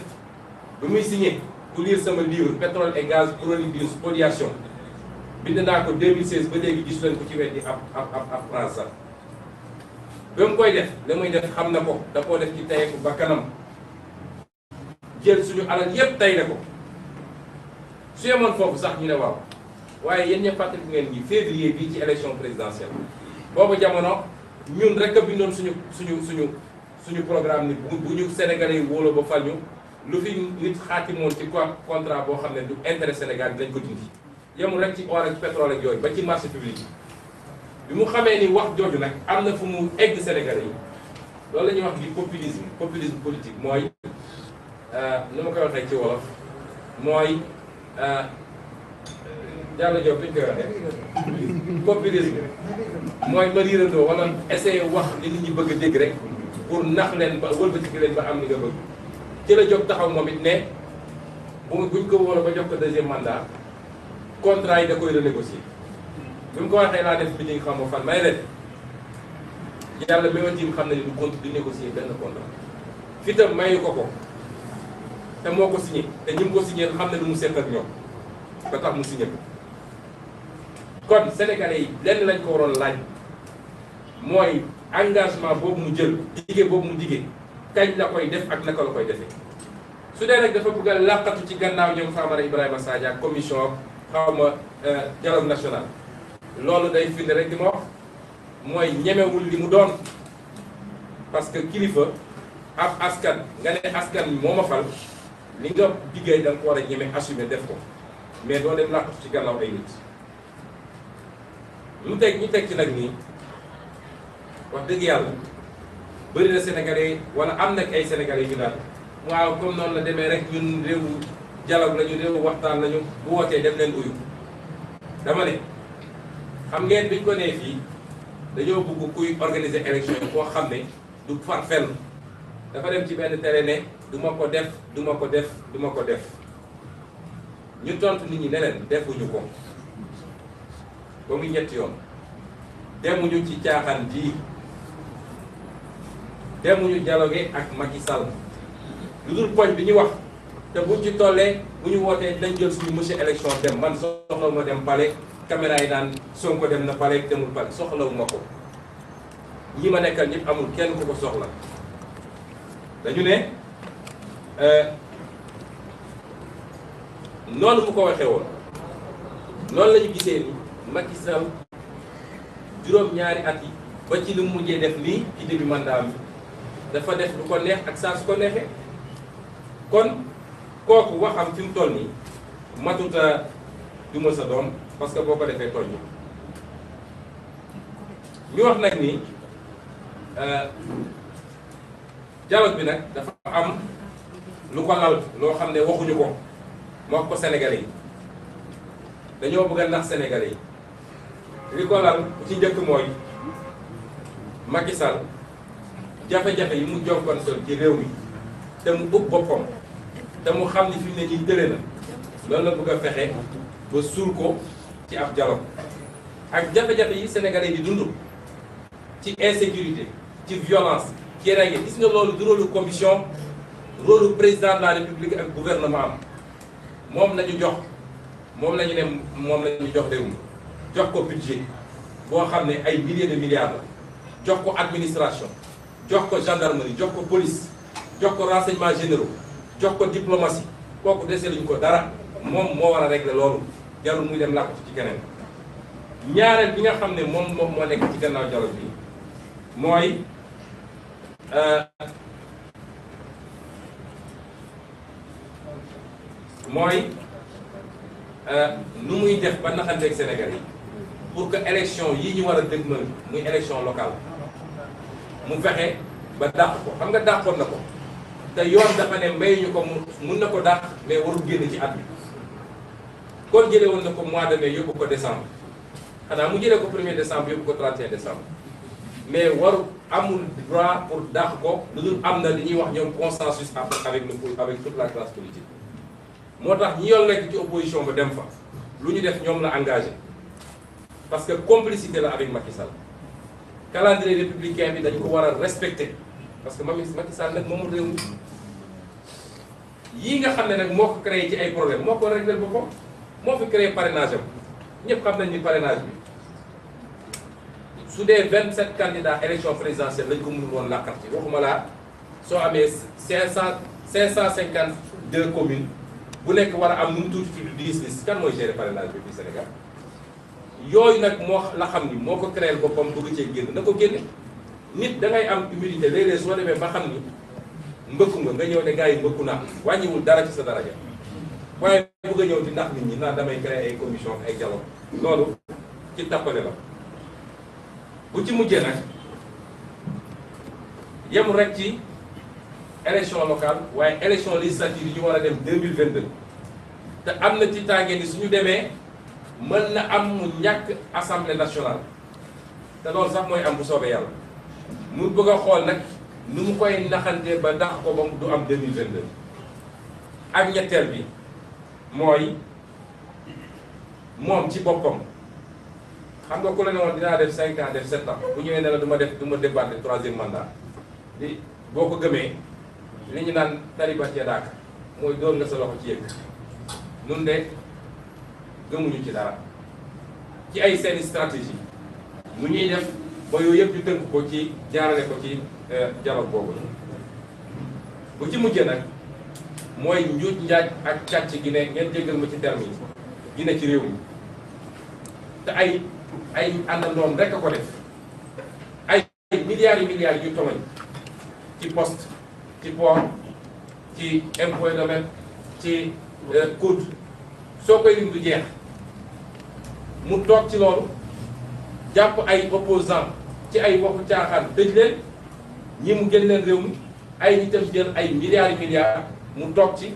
ba muy signé ku lire sama livre pétrole et gaz chronique d'une spoliation bind naa ko 2016 ba léegi gis leen ko ci weddi ab ab ab ab France sax ba mu koy def la muy def xam na ko da koo def ci tayeeku ba kanam jël suñu alal yépp tay na ko su yemoon foofu sax ñu ne waaw waaye yéen ñëpp fàttali ngeen ni février bii ci élection présidentielle boobu jamono ñun rek a bindoon suñu suñu suñu suñu programme ni bu bu ñu sénégalais yi wóoloo ba fal ñu lu fi nit xaatimoon ci contrat boo xam ne du intérêt Sénégal dinañ ko dindi yemul rek ci or ak pétrole ak yooyu ba ci marché public bi mu xamee ni wax jooju nag am na fu mu egg sénégalais yi loolu la ñuy wax di populisme populisme politi mooy euh, nu ma koy waxee ci Ah, Diallo Diop fi ñu koy waxee populisme mooy nga riirandoo wala essayer wax li nit ñi bëgg a dégg rek pour nax leen ba wëlbati leen ba am li nga bëgg ci la Diop taxaw moom it ne bu buñ ko wóoree ba jox ko deuxième mandat contrat yi da koy renégocier bi mu ko waxee laa def meeting xam nga fan may leen yàlla mi ma tiim xam nañu du compte du négocier benn contrat fi tam mayu ko ko. te moo ko signé te ñi mu ko signé xam ne lu mu seet ak ñoom ba tax mu signé kon sénégalais yi lenn lañ ko waroon laaj mooy engagement boobu mu jël dige boobu mu dige kañ la koy def ak naka la koy defee su dee nag dafa bugga làqatu ci gannaaw ñoom Famara Ibrahima Sadia ak commission xaw ma euh, dialogue national loolu day firnde rek di ma wax mooy ñemewul li mu doon parce que kilifa ab askan nga ne askan moo ma fal li nga liggéey da nga ko a ñeme assume def ko mais doo dem làqatu ci gannaaw ay nit mu teg ñu teg ci nag nii wax dëgg yàlla bëri na sénégalais wala am nag ay sénégalais ñu daal waaw comme noonu la demee rek ñun réewu dialogue lañu réewu waxtaan lañu bu wootee dem leen uyu dama ne xam ngeen biñ ko nee fii dañoo bëgg kuy organiser élection koo xam ne du far fel dafa dem ci benn terrain ne duma ko def duma ko def duma ko def ñu tontu nit ñi ne defuñu ko ba ngi ñetti yoon demuñu ci caaxaan bii demuñu dialogue ak Macky Sall lu dul poñ bi ñu wax te buñ ci tollee bu ñu wootee dañ jël suñu monsieur élection dem man soxlawuma dem palais caméra yi daan Sonko dem na pare demul palais soxlawuma ko ñi ma nekkal ñépp amul kenn ko ko soxla dañu ne Euh, noonu mu ko waxee woon noonu lañu gisee ni Macky juróom-ñaari at yi ba ci li mu mujjee def nii ci début mandat bi dafa def lu ko neex ak saa su ko neexee kon kooku waxam fi mu toll nii matuta duma sa doom parce que boo ko defee toll ñu ñu wax nag ni euh, dialogue bi nag dafa am. lu ko lal loo xam ne waxuñu ko mu wax ko sénégalais yi dañoo bëgg a nax sénégalais yi li ko lal ci jëkk mooy Macky jafe-jafe yi mu jokkoon ci réew mi te mu ëpp boppam te mu xam ni fi ne nii tële na loolu bëgg a fexe ba suul ko ci ab dialogue ak jafe-jafe yi sénégalais yi di dund ci insécurité ci violence ci rey gis nga loolu du commission. rôle président de la république ak gouvernement am moom nañu jox moom la ne moom la ñu jox réew mi jox ko budget boo xam ne ay milliers de milliards jox ko administration jox ko gendarmerie jox ko police jox ko renseignement généraux jox ko diplomatie kooku dese luñu ko dara moom moo war a régler loolu jarul muy dem làkkatu ci keneen ñaareel bi nga xam ne moom moom moo nekk ci gannaaw jarul bi mooy euh, mooy euh, nu muy def ba naxanteeg Sénégal yi pour que élection yi ñu war a dëgmal muy élection locale mu fexe ba dàq ko xam nga dàqoon na ko te yoon dafa ne mbay ñu ko mu mun na ko dàq mais warul génn ci at bi kon jëlee woon na ko mois de mai yóbbu ko décembre xanaa mu jëlee ko premier décembre yóbbu ko 31 décembre mais waru amul droit pour dàq ko lu dul am na li ñuy wax ñoom consensus avec le avec toute la classe moo tax ñi yoon nekk ci opposition ba dem fa lu ñu def ñoom la engagé parce que complicité la avec Macky Sall calendrier républicain bi dañu ko war a respecté parce que moom Macky Sall nag moomu réew mi yii nga xam ne nag moo ko créé ci ay problème moo ko réglé boppam moo fi créé parrainage am ñëpp xam nañ ni parrainage bi su dee 27 candidats élection présidentielle lañ ko mënul woon làkkarti waxuma laa soo amee cinq cent 500 552 communes. bu nekk war a am nu mu tuuti ci lu diis li kan mooy gérer parrainage bi fii Sénégal yooyu nag moo la xam ni moo ko créer boppam bëgg cee génn na ko génne nit da ngay am humilité léeg-léeg soo demee ba xam ni mbëkku nga nga ñëw de gars yi mbëkku naa wàññiwul dara ci sa daraja waaye bëgg a ñëw di ndax nit ñi naan damay créer ay commission ay dialogue loolu ci tappale la bu ci mujjee nag yemul rek ci. élection local waaye élection législative yi ñu war a dem 2022 te am na ci tànge ni suñu demee mën na am mu ñàkk assemblée nationale te loolu sax mooy am bu soobee yàlla mu bëgg a xool nag nu mu koy naxante ba ndax ko ba du am 2022 ak ñetteel bi mooy moom ci boppam xam nga ku la ne woon dinaa def 5 ans def 7 ans bu ñëwee ne la du def du ma débattre troisième mandat di boo ko gëmee li ñu naan taribat ya daak mooy doon nga sa loxo ci yëg nun de gëmuñu ci dara ci ay seeni stratégie nu ñuy def ba yooyu yëpp ñu tënk ko ci jaarale ko ci euh, dialogue boobu bu ci mujjee nag mooy njuuj njaaj ak càcc gi ne ngeen jéggal ma ci terme yi ci réew mi te ay ay àndandoom rek a ko def ay milliards yi milliards yu tomañ ci port ci impôt domaine ci euh, COUD soo koy lim du jeex mu toog ci loolu jàpp ay opposant ci ay waxu caaxaan tëj leen ñi mu gën leen réew mi ay ñi tam jël ay milliards yi mu toog ci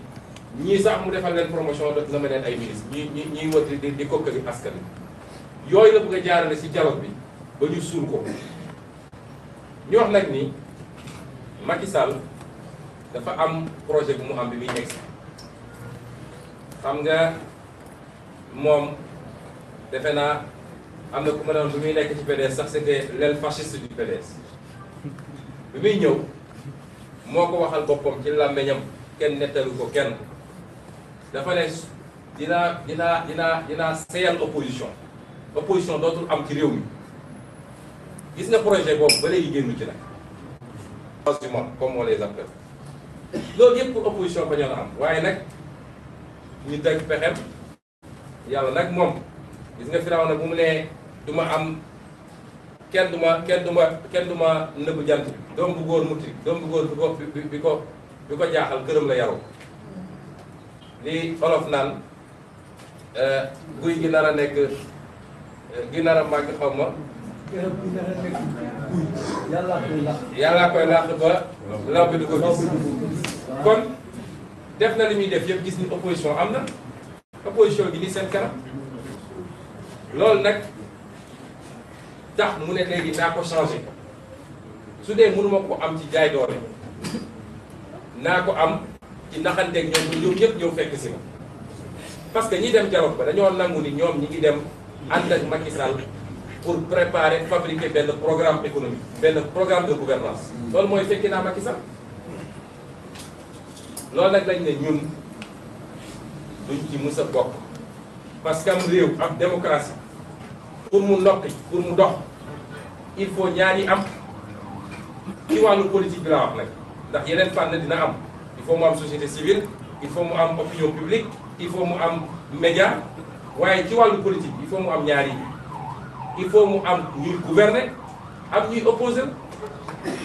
ñii sax mu defal leen promotion de nama leen ay ministre ñi ñi ñuy wëti di di kokkali askan wi yooyu la bëgg a jaarale ci dialogue bi ba ñu suul ko ñu wax nag ni Macky dafa am projet bu mu am bi muy egg xam nga moom defe naa am na ku ma doon mu muy nekk ci PDS sax c'était l'aile fasciste du PDS bi muy ñëw moo ko waxal boppam ci làmmeñam kenn nettalu ko kenn dafa ne dinaa dinaa dinaa dinaa seyal opposition opposition dootul am ci réew mi gis nga projet boobu ba léegi génn ci nag. du monde comme on les loolu yëpp pour opposition ba ñoo la am waaye nag ñu dëkk pexem yàlla nag moom gis nga firaaw na bu mu nee du am kenn du ma kenn du ma kenn du ma nëbb jant bi doom bu góor mutti doom bu bi ko bi ko bi ko jaaxal këram la yaru li olof naan euh, guy gi nar a nekk euh, gi nar a xaw ma garab gi dara nekk buy yàllaa koy làq. ba law du ko gis. kon def na li muy def yëpp gis ni opposition am na opposition bi ni seen kanam loolu nag tax mu ne léegi naa ko changé su dee mënuma ko am ci jaay doole naa ko am ci naxanteeg ñoom ñu ñëw ñëw fekk si ma parce que ñi dem dialogue ba dañoo nangu ni ñoom ñi ngi dem ànd ak Macky Sall pour préparer fabriquer benn programme économique benn programme de gouvernance loolu mooy fekki naa Macky Sall loolu nag lañ ne ñun duñ ci mus bokk parce que am réew am démocratie pour mu nokki pour mu dox il faut ñaari am ci wàllu politique bi laa wax nag ndax yeneen fànn dina am il faut mu am société civile il faut mu am opinion publique il faut mu am média waaye ci wàllu politique il faut mu am ñaari il faut mu am ñuy gouverner am ñuy opposé wu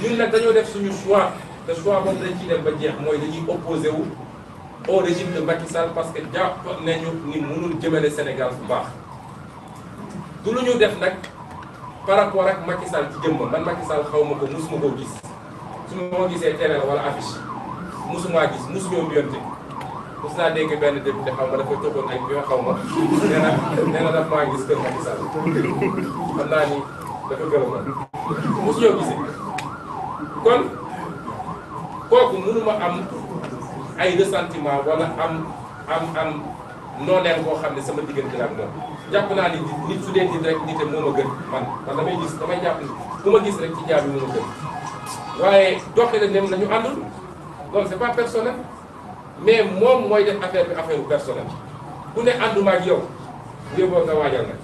ñun nag dañoo def suñu choix te choix ba jeex mooy dañuy opposé wu au régime de parce que jàpp nañu ni mënul jëmale Sénégal bu baax du lu ñu def nag par rapport ak Macky Sall ci jëmm man Macky xaw ma ko musuma koo gis su ma gisee télé la wala affiche musumaa gis musuñoo mbiyante gis naa dégg benn député xaw ma dafa tëboon ay biir xaw ma nee na nee na dafa maa gis kër Macky Sall xam naa ni dafa gërëm la mosu ñoo gisee kon kooku mënuma am ay ressentiment wala am am am nooneel boo xam ne sama diggante la ak moom jàpp naa ni nit su dee nit rek nit te moo gën man man damay gis damay jàpp ni ma gis rek ci jaabi moo a gën waaye doxale dem nañu àndul loolu c'est personnel mais moom mooy def affaire bi affaire personnelle bu ne ànduma ak yow yóbboo nga waajal nag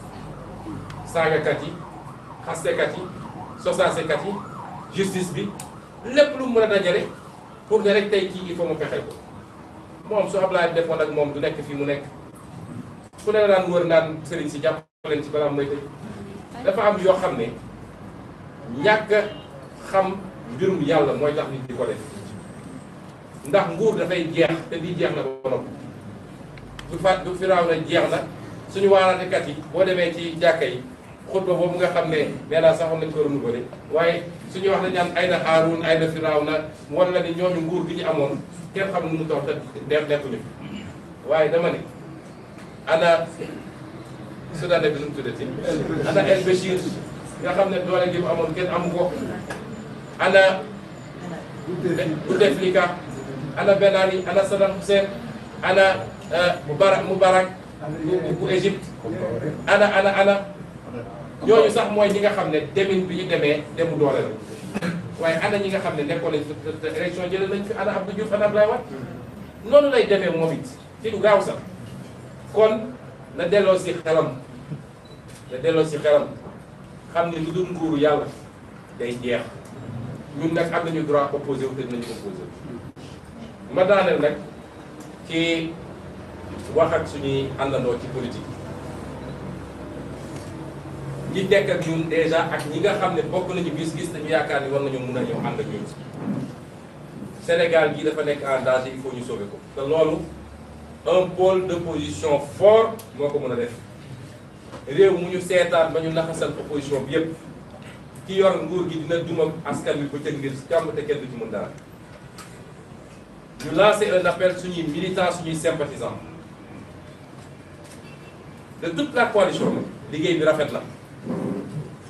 saagakat yi xastekat yi sosaasekat yi justice bi lépp lu mu mën a dajale pour ne rek tey kii il faut ma fexe ko moom su Ablaye defoon ak moom du nekk fii mu nekk ku ne daan wër naan sëriñ si jàpp leen ci balaa mooy tëj dafa am yoo xam ne ñàkk xam mbirum yàlla mooy tax nit di ko def ndax nguur dafay jeex te di jeex na ba noppi du fa du firaaw na jeex na suñu waaraatekat yi boo demee ci jàkka yi xutba boobu nga xam ne nee naa saxoon nañ ko renouvelé waaye suñu wax dañ naan ay na Haaruun ay na firaaw na wala ni ñooñu nguur gi ñu amoon kenn xam nu mu toog waaye dama ne ana Soudan bi nu mu tuddati ana El nga xam ne doole gi mu amoon kenn am ko ana Bouteflika ana Ben Ali ana Saddam Hussein ana euh, Mubarak Mubarak bu Égypte ana ana ana ñooñu sax mooy ñi nga xam ne demin bi ñu demee demu doole la waaye ana ñi nga xam ne nekkoon nañ te jëlee nañ fi ana Abdou Diouf ana Abdoulaye Wade noonu lay demee moom it ci lu gaaw sax kon na delloo si xelam na delloo si xelam xam ne lu dul nguuru yàlla day jeex ñun nag am nañu droit opposé wu te dinañu opposé ma daaneel nag ci wax ak suñuy àndandoo ci politique ñi nekk ak ñun déjà ak ñi nga xam ne bokk nañu gis-gis dañu yaakaar ni war nañu mun a ñëw ànd ak ñun gii dafa nekk en danger il faut ñu sauver ko te loolu un pôle d'opposition fort moo ko mën a def réew mu ñu seetaan ba ñu naxasal opposition bi yépp ki yor nguur gi dina duma askan wi ba ca ngir kàmm te kenn du ci mën dara. ñu lancer un appel suñuy militants suñuy sympathisants de toute la coalition liggéey bi rafet la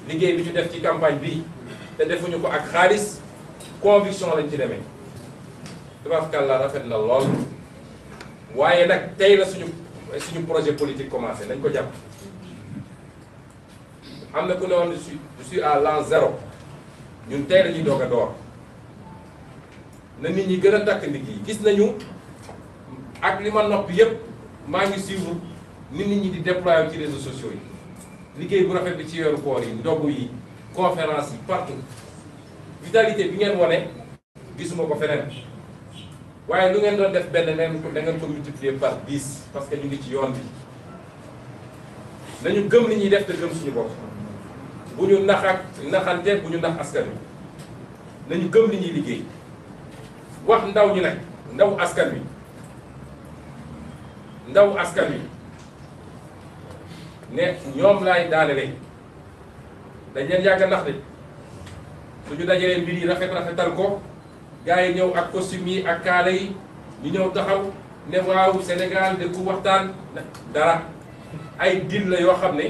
liggéey bi ñu def ci campagne bi te defuñu ko ak xaalis conviction lañ ci demee tabaarkalla rafet na lool waaye nag tey la suñu suñu projet politique commencé lañ ko jàpp am na ku ne woon je suis à l'an zéro ñu tey la ñuy doog door na nit ñi gën a takk nit yi gis nañu ak li ma noppi yépp maa ngi suivre nit ñi di déployer ci réseaux sociaux yi liggéey bu rafet bi ci weeru koor yi ndogu yi conférence yi partout vitalité bi ngeen wane gisuma ko feneen waaye lu ngeen doon def benn neen da ngeen ko multiplier par 10 parce que ñu ngi ci yoon bi nañu gëm li ñuy def te gëm suñu bopp bu ñu nax ak naxante bu ñu nax askan wi nañu gëm li ñuy liggéey wax ndaw ñi nag ndaw askan wi ndaw askan wi ne ñoom laay daanele dañ leen yàgg nax de suñu dajalee mbir yi rafet rafetal ko gars yi ñëw ak costume yi ak kaala yi ñu ñëw taxaw ne waaw Sénégal de ku waxtaan dara ay deal la yoo xam ne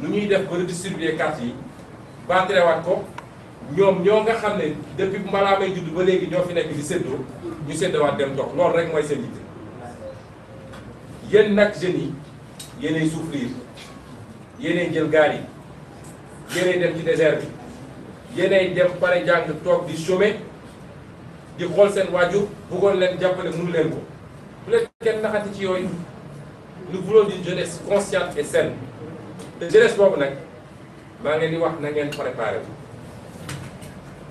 lu ñuy def ba redistribuer carte yi baatrewaat ko ñoom ñoo nga xam ne depuis mbalaa may judd ba léegi ñoo fi nekk di séddoo ñu séddowaat dem toog loolu rek mooy seen yitte yéen nag jeunes yi yéenay souffrir yéenay jël gaal yi yéenay dem ci désert bi yéenay dem pare jàng toog di some di xool seen waajur bëggoon leen jàppale mënu leen ko bu leen kenn naxati ci yooyu nous voulons une jeunesse consciente et saine te jeunesse boobu nag maa ngeen di wax na ngeen préparé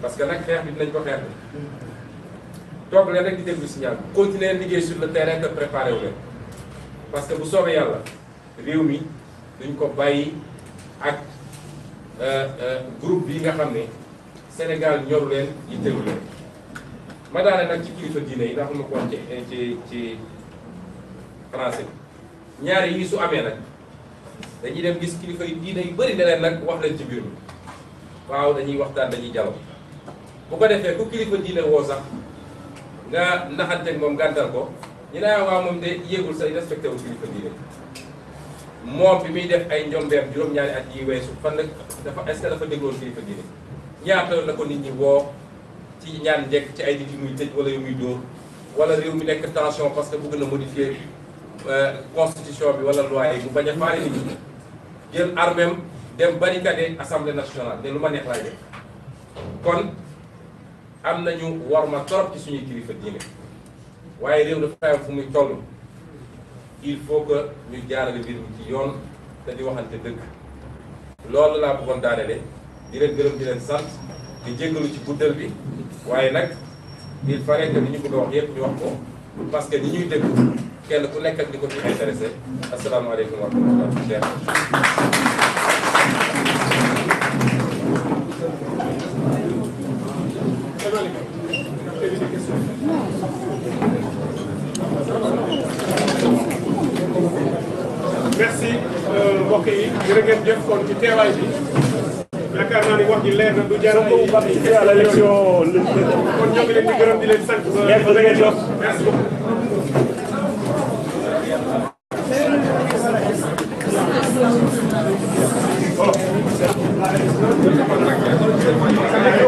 parce que nag xeex bi dinañ ko xeex bi toog leen rek di déglu si bi continuer liggéey sur le terrain te préparé wu parce que bu soobee yàlla réew mi duñ ko bàyyi ak euh, euh, groupe bi nga xam ne Sénégal ñoru leen yittewu leen ma nag ci kilifa diine yi ndax ma ko ci ci ci français ñaar ñaari yii su amee nag dañuy dem gis kilifa yi yu bëri ne leen nag wax leen ci biir mi waaw dañuy waxtaan dañuy jalo bu ko defee ku kilifa diine woo sax nga naxanteeg moom gàntal ko ñu ne ah waaw moom de yéegul sa respecté wu kilifa diine moom bi muy def ay njombeem juróom-ñaari at yi weesu fan la dafa est-ce que dafa dégloon kilifa diine ñaata la ko nit ñi woo ci ñaan njëkk ci ay nit yu muy tëj wala yu muy dóor wala réew mi nekk tension parce que bëgg na modifier euh, constitution bi wala loi yi mu bañ a faale nit ñi jël armem dem barricade assemblée nationale ne lu ma neex laay def am nañu war ma torop ci suñuy kilifa diine waaye réew dafa am fu muy toll il faut que ñu jaarale mbir mi ci yoon te di waxante dëgg loolu laa bëggoon daanele di leen gërëm di leen sant di jéggalu ci guddal bi waaye nag il fallait que li ñu bëgg a wax yépp ñu wax ko parce que ni ñuy déglu kenn ku nekk ak li ko fi intéressé asalaamaaleykum wa merci euh, mbokk yi jërë ngeen jëf kon ci teewaay bi yaakaar naa ni wax ji leer na du jar a. à l' élection kon ñoo ngi leen di gërëm di leen sant. ba da ngeen jox merci beaucoup.